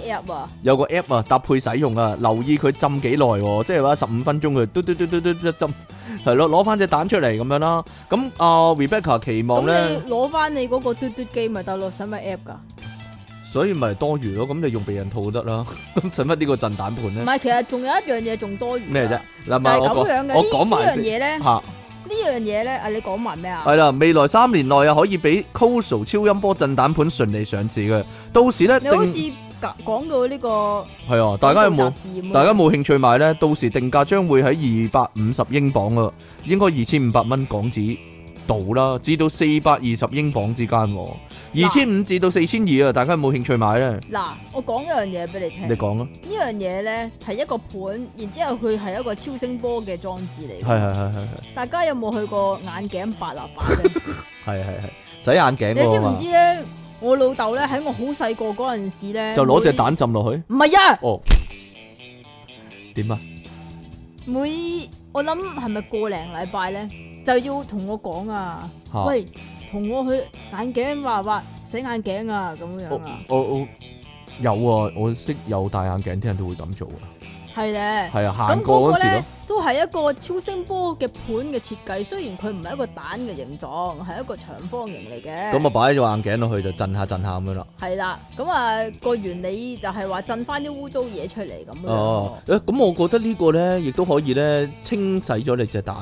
有個 app 啊搭配使用啊，留意佢浸幾耐，即係話十五分鐘佢嘟嘟嘟嘟嘟一浸，係咯，攞翻隻蛋出嚟咁樣啦，咁啊 Rebecca 期望咧，攞翻你嗰個嘟嘟機咪得咯，使乜 app 噶？所以咪多餘咯，咁你用避孕套得啦，咁使乜呢個震蛋盤咧？唔係，其實仲有一樣嘢仲多餘的。咩啫？嗱、咁樣嘅，我講我講埋先。呢樣嘢咧，呢樣嘢咧，啊，你講埋咩啊？係啦，未來三年內啊，可以俾 c o s o l 超音波震蛋盤順利上市嘅。到時咧，你好似講到呢個係啊，大家有冇大家冇興趣買咧？到時定價將會喺二百五十英鎊咯，應該二千五百蚊港紙度啦，至到四百二十英鎊之間。二千五至到四千二啊！大家有冇興趣買咧？嗱，我講一樣嘢俾你聽。你講啊！樣呢樣嘢咧，係一個盤，然之後佢係一個超聲波嘅裝置嚟。係係係係係。大家有冇去過眼鏡白啊白？係係係，洗眼鏡。你知唔知咧？我老豆咧喺我好細個嗰陣時咧，就攞隻蛋浸落去。唔係啊。哦。點啊？每我諗係咪過零禮拜咧，就要同我講啊？喂！同我去眼鏡話話洗眼鏡啊咁樣啊，我我，我有啊，我識有戴眼鏡啲人都會咁做㗎，係啊，係咧，係啊，咁嗰個咧都係一個超聲波嘅盤嘅設計，雖然佢唔係一個蛋嘅形狀，係一個長方形嚟嘅，咁啊擺咗眼鏡落去就震下震下咁啦，係啦，咁、那、啊個原理就係話震翻啲污糟嘢出嚟咁啊，啊，哦、欸，咁我覺得呢個呢個咧亦都可以咧清洗咗你隻蛋，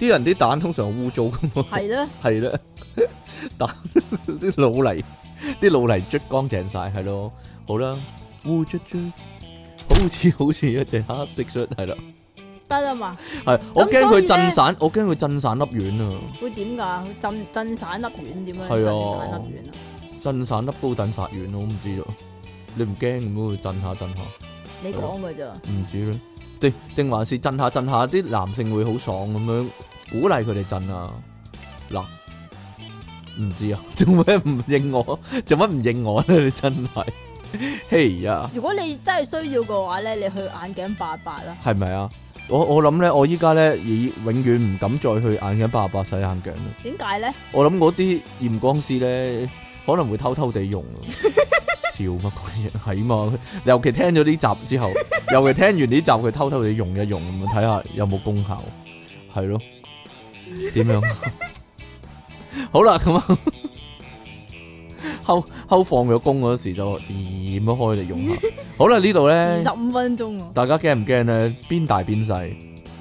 啲人啲蛋通常污糟嘅，係咯，係咯。但啲老泥啲老泥捽乾淨晒係咯，好啦，烏卒卒，好似好似一隻黑色出係啦，得啦嘛，係我驚佢震散，我驚佢震散粒丸啊，會點噶？震震散粒丸點樣？係啊，震散粒煲燉發丸咯，我唔知咯，你唔驚咁樣震下震下？你講噶咋？唔知咧，定定還是震下震下？啲男性會好爽咁樣鼓勵佢哋震啊嗱。唔知啊，做咩唔應我？做咩唔應我咧？你真係嘿啊！如果你真係需要嘅話咧，你去眼鏡八八啦。係咪啊？我我諗咧，我依家咧已永遠唔敢再去眼鏡八八洗眼鏡啦。點解咧？我諗嗰啲驗光師咧可能會偷偷地用。笑乜鬼嘢？係 嘛？尤其聽咗呢集之後， 尤其聽完呢集佢偷偷地用一用，睇下有冇功效？係 咯？點樣？ 好啦，咁啊，後後放咗工嗰時就點開嚟用啦。好啦，呢度咧，二十五分鐘，大家驚唔驚咧？邊大邊細，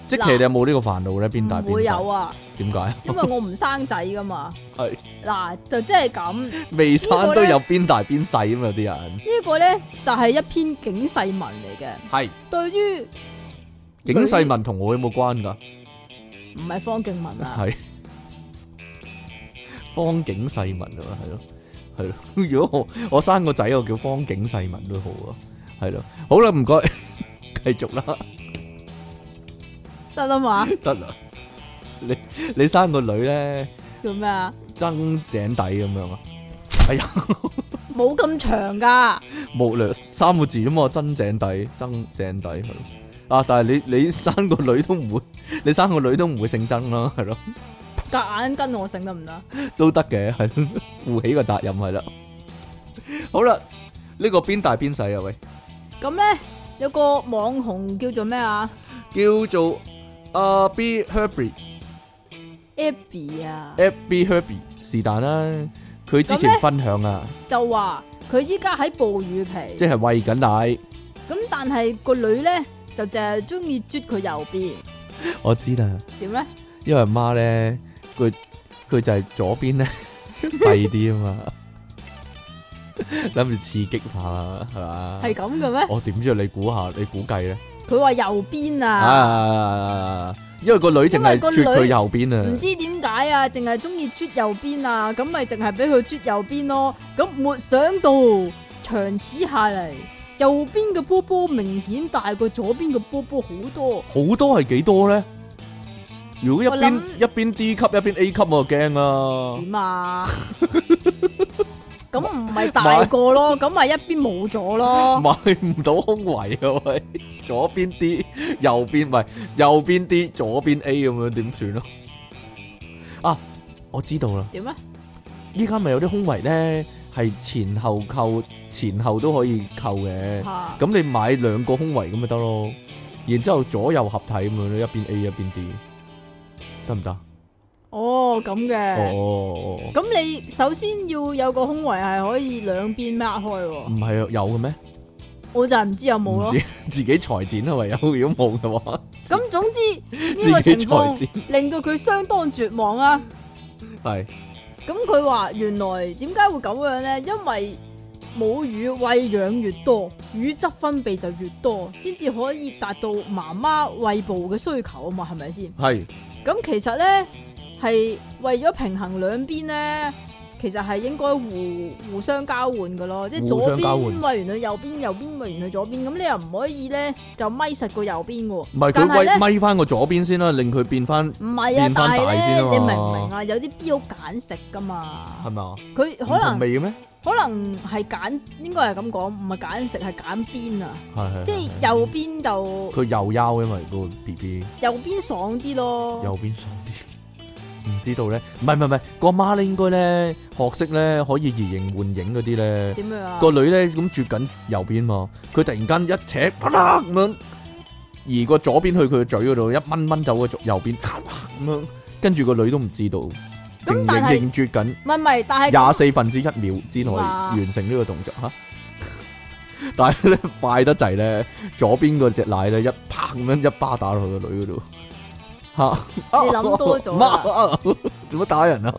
即係你有冇呢個煩惱咧？邊大邊細，唔會有啊？點解？因為我唔生仔噶嘛。係嗱，就即係咁，未生都有邊大邊細啊嘛？有啲人呢個咧就係一篇警世文嚟嘅。係對於警世文同我有冇關噶？唔係方敬文啊。係。方景世民啊，係咯，係咯。如果我我生個仔，我叫方景世民都好啊，係咯。好啦，唔該，繼續啦，得啦嘛，得啦。你你生個女咧叫咩啊？曾井底咁樣啊？哎呀，冇咁長噶，冇兩三個字啫嘛，曾井底，曾井底係咯。啊，但係你你生個女都唔會，你生個女都唔會姓曾咯，係咯。夾硬跟我醒得唔得？都得嘅，負起個責任係啦。 好啦，呢、這個邊大邊細啊，喂。咁咧有個網紅叫做咩啊？叫做阿、啊、B Herbie。Abby 啊。Abby Herbie 是但啦，佢之前分享啊，就話佢依家喺哺乳期，即係喂緊奶。咁但係個女咧就淨係中意啜佢右邊。我知啦。點咧？因為媽咧。佢佢就係左邊咧細啲啊嘛，諗住刺激下啦係嘛，係咁嘅咩？我點知啊？你估下，你估計咧？佢話右邊啊，啊，因為個女淨係啜佢右邊啊，唔知點解啊，淨係中意啜右邊啊，咁咪淨係俾佢啜右邊咯。咁沒想到長此下嚟，右邊嘅波波明顯大過左邊嘅波波好多，好多係幾多咧？如果一邊一邊，D 級，一邊 A 級，我就驚啦。點啊？咁唔係大個咯，咁咪一邊冇咗咯。買唔到胸圍啊喂！左邊 D，右邊咪右邊 D，左邊 A 咁樣點算咯？啊，我知道啦。點呀？依家咪有啲胸圍咧，係前後扣，前後都可以扣嘅。咁你買兩個胸圍咁咪得咯。然之後左右合體咁樣，一邊 A 一邊 D。得唔得？哦、oh，咁嘅。哦，咁你首先要有個胸圍係可以兩邊擘開。唔係，有嘅咩？我就唔知有冇咯。自己裁剪啊，唯有如果冇嘅話。咁總之呢、這個情況令到佢相當絕望啊。係 。咁佢話原來點解會咁樣咧？因為母乳餵養越多，乳汁分泌就越多，先至可以達到媽媽餵哺嘅需求啊嘛？係咪先？係。咁其實咧係為咗平衡兩邊咧，其實係應該互互相交換噶咯，即係左邊餵完佢，右邊右邊餵完佢，左邊咁你又唔可以咧就咪實個右邊喎，唔係咪翻個左邊先啦，令佢變翻唔係啊變翻大，你明唔明啊？有啲 B 好揀食噶嘛，係咪啊？佢可能唔味咩？可能係揀，應該係咁講，唔係揀食，係揀邊啊！即係右邊就佢右優，因為嗰個 BB 右邊爽啲咯。右邊爽啲，唔知道咧。唔係唔係唔係，個媽咧應該咧學識咧可以移形換影嗰啲咧。點樣啊？個女咧咁啜緊右邊嘛，佢突然間一尺啪啪咁樣移個左邊去佢嘅嘴嗰度，一掹掹走個右邊，啪啪咁樣跟住個女都唔知道。認認住緊，唔係唔係，廿四分之一秒之內完成呢個動作吓， 但係咧快得滯咧，左邊個隻奶咧一啪咁樣一巴打落去個女嗰度，吓、啊，你諗多咗，做乜打人啊？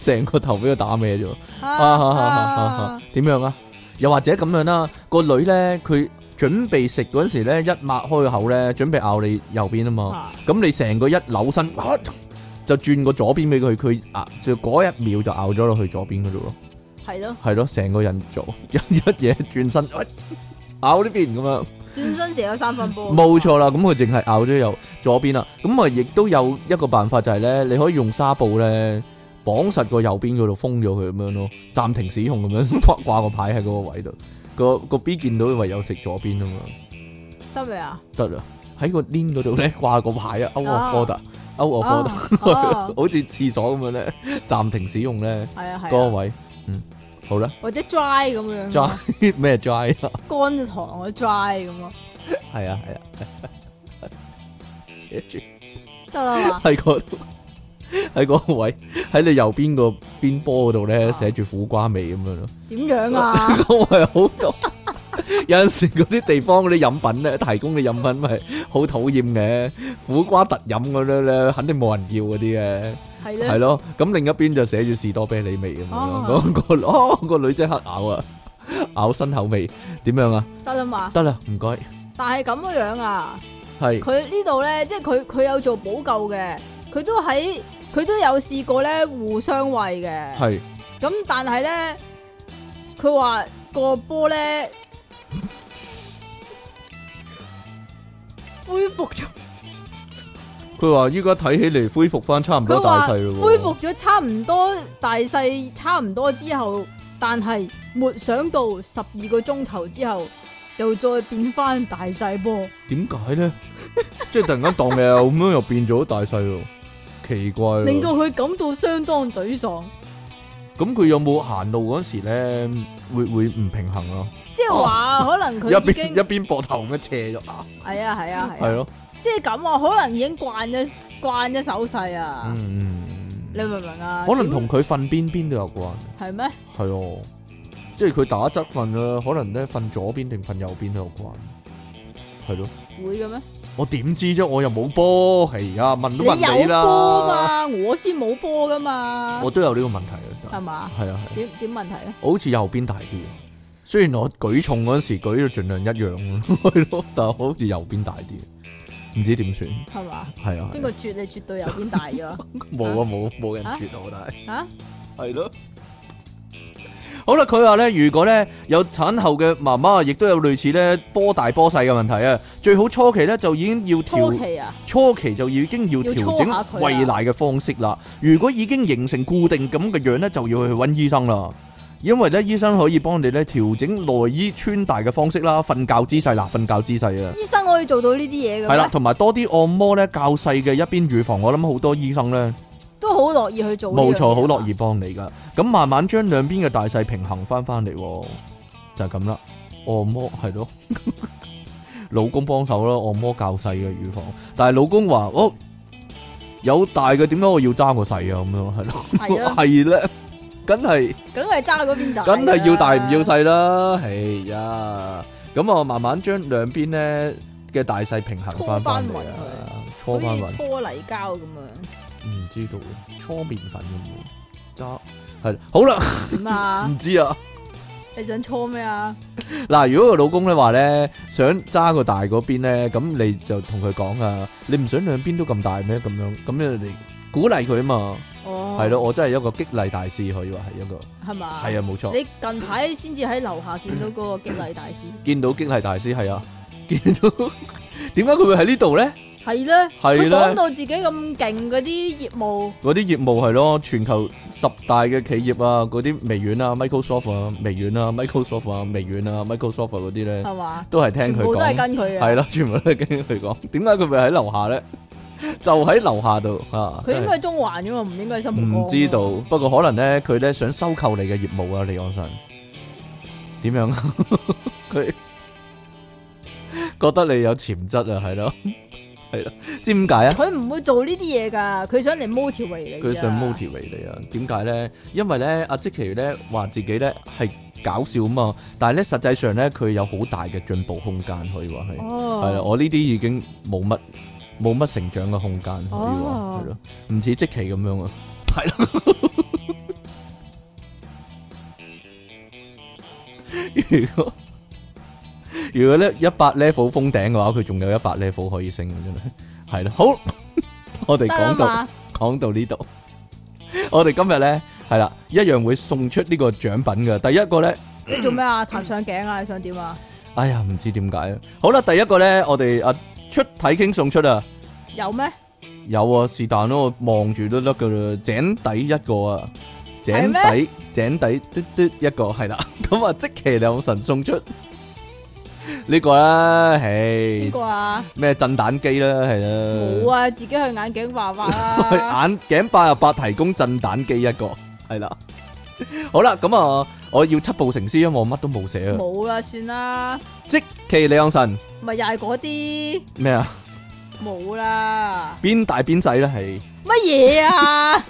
成個頭俾佢打咩啫、啊？啊，啊，點、啊啊、樣啊？又或者咁樣啦？個女咧，佢準備食嗰陣時咧，一擘開口咧，準備咬你右邊啊嘛，咁你成個一扭身。啊就轉個左邊俾佢，佢啊就嗰一秒就咬咗落去左邊嗰度咯。係咯，係咯，成個人做一嘢轉身，哎、咬呢邊咁樣。轉身成咗三分波，冇錯啦。咁佢淨係咬咗右左邊啦。咁啊，亦都有一個辦法就係、是、咧，你可以用紗布咧綁實個右邊嗰度封咗佢咁樣咯，暫停使用咁樣掛掛個牌喺嗰個位度。個個 B 見到唯有食左邊啊嘛，得未、 oh, 啊？得啦，喺個鏈嗰度咧掛個牌啊，歐、啊、 好似廁所咁樣咧，暫停使用咧。係啊係，嗰、那個、位、啊，嗯，好啦。或者 dry 咁樣，dry 咩 dry 啊？乾咗糖嘅 dry 咁咯。係啊係啊，寫住得啦嘛。喺嗰度，喺嗰、啊那個、位，喺你右邊個邊波嗰度咧，寫住苦瓜味咁樣咯。點、啊、樣啊？嗰 位好多。 有陣時嗰啲地方嗰啲飲品咧，提供嘅飲品咪好討厭嘅，苦瓜特飲嗰啲咧，肯定冇人要嗰啲嘅，係咯，係咯。咁另一邊就寫住士多啤梨味咁樣，個哦個女仔黑咬啊，咬新口味，點樣啊？得啦嘛，得啦，唔該。但係咁嘅樣啊，係佢呢度咧，即係佢佢有做補救嘅，佢都喺佢都有試過咧互相餵嘅，係。咁但係咧，佢話個波咧。恢復咗，佢話依家睇起嚟恢復翻差唔多大細咯。恢復咗差唔多大細，差唔多之後，但係沒想到十二個鐘頭之後又再變翻大細噃。點解咧？即係突然間蕩嘅，咁樣又變咗大細咯，奇怪。 令到佢感到相當沮喪。咁佢有冇行路嗰時咧，會唔會唔平衡啊？即係話可能佢已經一邊膊頭咁樣斜咗啊！係啊係啊係啊！係咯、啊啊啊啊啊，即係咁啊，可能已經慣咗慣咗手勢啊、嗯！你明唔明啊？可能同佢瞓邊邊都有關，係咩？係哦、啊，即係佢打側瞓啊，可能咧瞓左邊定瞓右邊都有關，係咯、啊？會嘅咩？我點知啫？我又冇波，係而家問都問你啦。你有波嘛，我先冇波噶嘛，我都有呢個問題是是啊，係嘛、啊？係啊係啊，點點問題咧？好似右邊大啲。雖然我舉重嗰時候舉到盡量一樣咯，但係好似右邊大啲，唔知點算。係嘛？係啊。邊個、啊啊、絕你絕對右邊大咗？冇 啊冇冇、啊、人絕我大。吓、啊？係咯、啊啊。好啦，佢話咧，如果咧有產後嘅媽媽，亦都有類似咧波大波細嘅問題啊，最好初期咧就已經要調初期啊，初期就已經要調整餵奶嘅方式啦、啊。如果已經形成固定咁嘅樣咧，就要去揾醫生啦。因為咧，醫生可以幫你咧調整內衣穿戴嘅方式啦，瞓覺姿勢啦，瞓覺姿勢啊！醫生可以做到呢啲嘢嘅係啦，同埋多啲按摩咧，較細嘅一邊乳房。我諗好多醫生咧都好樂意去做錯。冇錯，好樂意幫你噶。咁、啊、慢慢將兩邊嘅大細平衡翻翻嚟，就係咁啦。按摩係咯， 老公幫手咯，按摩較細嘅乳房。但係老公話哦，有大嘅，點解我要爭個細啊？咁樣係咯，係咧。梗係，梗係揸嗰邊大，梗係要大唔要細啦，係呀。咁啊，慢慢將兩邊咧嘅大細平衡翻翻嚟啊，搓翻勻，搓泥膠咁樣，唔知道，搓麵粉咁樣，揸係，好啦，點啊，唔 知啊，你想搓咩啊？嗱，如果個老公咧話咧，想揸個大嗰邊咧，咁你就同佢講啊，你唔想兩邊都咁大咩？咁樣，咁樣嚟鼓勵佢啊嘛。係咯，我真係一個激勵大師可以話係一個，係嘛？係啊，冇錯。你近排先至喺樓下見到嗰個激勵大師，見到激勵大師係啊，見到。點解佢會喺呢度咧？係咧，係咧。佢講到自己咁勁，嗰啲業務，嗰啲業務係咯，全球十大嘅企業啊，嗰啲微軟啊，Microsoft 啊，微軟啊，Microsoft 啊，微軟啊，Microsoft 嗰啲咧，係嘛？都係聽佢講，都係跟佢。係啦，全部都係跟佢講。點解佢會喺樓下咧？就喺樓下度啊！佢應該係中環啫嘛，唔、啊、應該係深浦。唔知道，不過可能咧，佢咧想收購你嘅業務啊，離岸神。點樣啊？佢 覺得你有潛質啊，係咯，係咯，知點解啊？佢唔會做呢啲嘢噶，佢想嚟 motivate 你。佢想 motivate 你啊？點解咧？因為咧，阿積淇咧話自己咧係搞笑啊嘛，但係咧實際上咧，佢有好大嘅進步空間，可以話係。哦。係啦，我呢啲已經冇乜。冇乜成長嘅空間，係咯，唔似即期咁樣啊，係咯。如果如果咧一百 level 封頂嘅話，佢仲有一百 level 可以升，真係係啦。好，我哋講到講到呢度，我哋今日咧係啦，一樣會送出呢個獎品嘅。第一個咧，你做咩啊？彈上頸啊？你想點啊？哎呀，唔知點解啊！好啦，第一個咧，我哋啊。出體 king 送出啊！有咩？有啊，是但咯，望住都得嘅井底一個啊，井底井底嘟嘟一個係啦，咁啊積淇離岸神送出呢個啦，嘿呢個啊咩震蛋機啦係啦，冇啊，自己去眼鏡畫畫啊，眼鏡八八八提供震蛋機一個係啦，好啦，咁啊，我要七步成詩，因為我乜都冇寫啊，冇啦，算啦，積淇離岸神。咪又係嗰啲咩啊？冇啦，邊大邊細啦係乜嘢啊？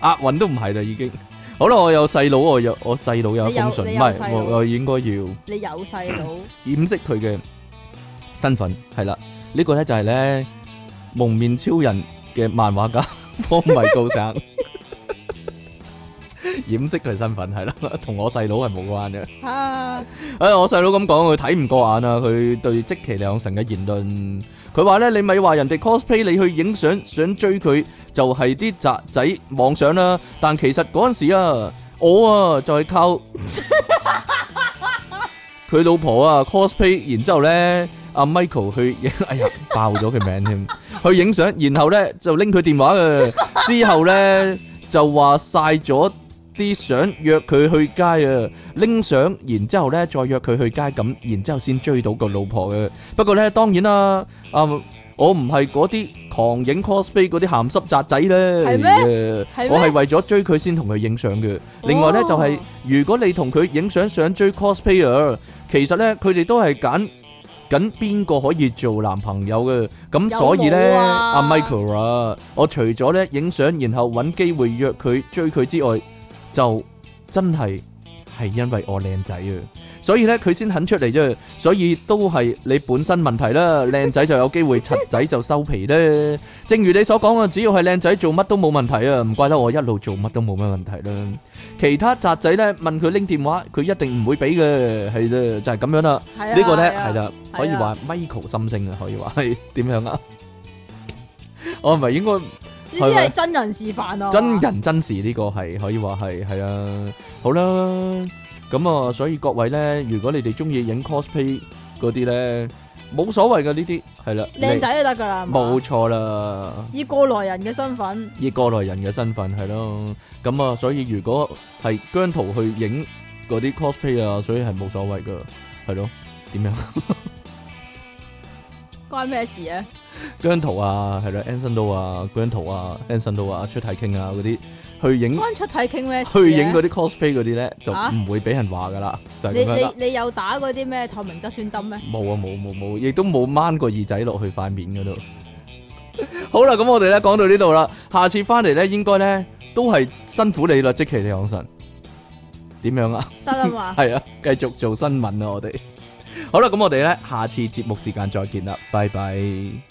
押韻都唔係啦，已經好啦。我有細佬，我有我細佬有封信，唔係我應該要你有細佬掩飾佢嘅身份係啦。呢個咧就係咧蒙面超人嘅漫畫家方米高生。掩飾佢身份係咯，同我細佬係冇關嘅。啊！誒、哎，我細佬咁講，佢睇唔過眼啊！佢對積淇兩成嘅言論，佢話咧，你咪話人哋 cosplay 你去影相，想追佢就係啲宅仔妄想啦。但其實嗰陣時啊，我啊，就係、是、靠佢、嗯、 老婆啊 cosplay，然之後咧，阿、啊、Michael 去，哎呀，爆咗佢名添， 去影相，然後咧就拎佢電話嘅，之後咧就話晒咗。啲相約佢去街啊，拎相，然之後咧再約佢去街咁，然之後先追到個老婆嘅。不過咧，當然啦，啊，我唔係嗰啲狂影 cosplay 嗰啲鹹濕宅仔咧，係咩？係喎。我係為咗追佢先同佢影相嘅。另外咧就係如果你同佢影相想追 cosplayer，其實咧佢哋都係揀緊邊個可以做男朋友嘅。咁所以咧，阿 Michael 啊，我除咗咧影相，然後搵機會約佢追佢之外。就真係係因為我靚仔啊，所以咧佢先肯出嚟啫。所以都係你本身問題啦。靚仔就有機會，賊仔就收皮咧。正如你所講啊，只要係靚仔做乜都冇問題啊，唔怪得我一路做乜都冇咩問題啦。其他宅仔咧問佢拎電話，佢一定唔會俾嘅，係咧就係咁樣啦。呢個咧係啦，可以話 Michael 心聲啊，可以話係點樣啊？我唔係應該。呢啲係真人示範囉！真人真事呢個係可以話係係啊，好啦，咁啊，所以各位咧，如果你哋中意影 cosplay 嗰啲咧，冇所謂噶，呢啲係啦，靚仔就得噶啦，冇錯啦。以過來人嘅身份，以過來人嘅身份係咯，咁啊，所以如果係姜濤去影嗰啲 cosplay 啊，所以係冇所謂噶，係咯，點樣？關咩事啊？姜濤啊，係啦 Anson Do 啊姜濤啊，啊，Anson Do 啊，出體 king 啊嗰啲去影，關出體 king 咩？去影嗰啲 cosplay 嗰啲咧，就唔會俾人話噶啦。就咁樣啦。你你你有打嗰啲咩透明質酸針咩？冇啊，冇冇冇，亦、啊啊、都冇掹個耳仔落去塊面嗰度。 好啦，咁我哋咧講到呢度啦，下次翻嚟咧，應該咧都係辛苦你啦，積淇離岸神，點樣啊？得啦嘛。係 啊，繼續做新聞啊，我哋。好啦，咁我哋咧，下次節目時間再見啦，拜拜。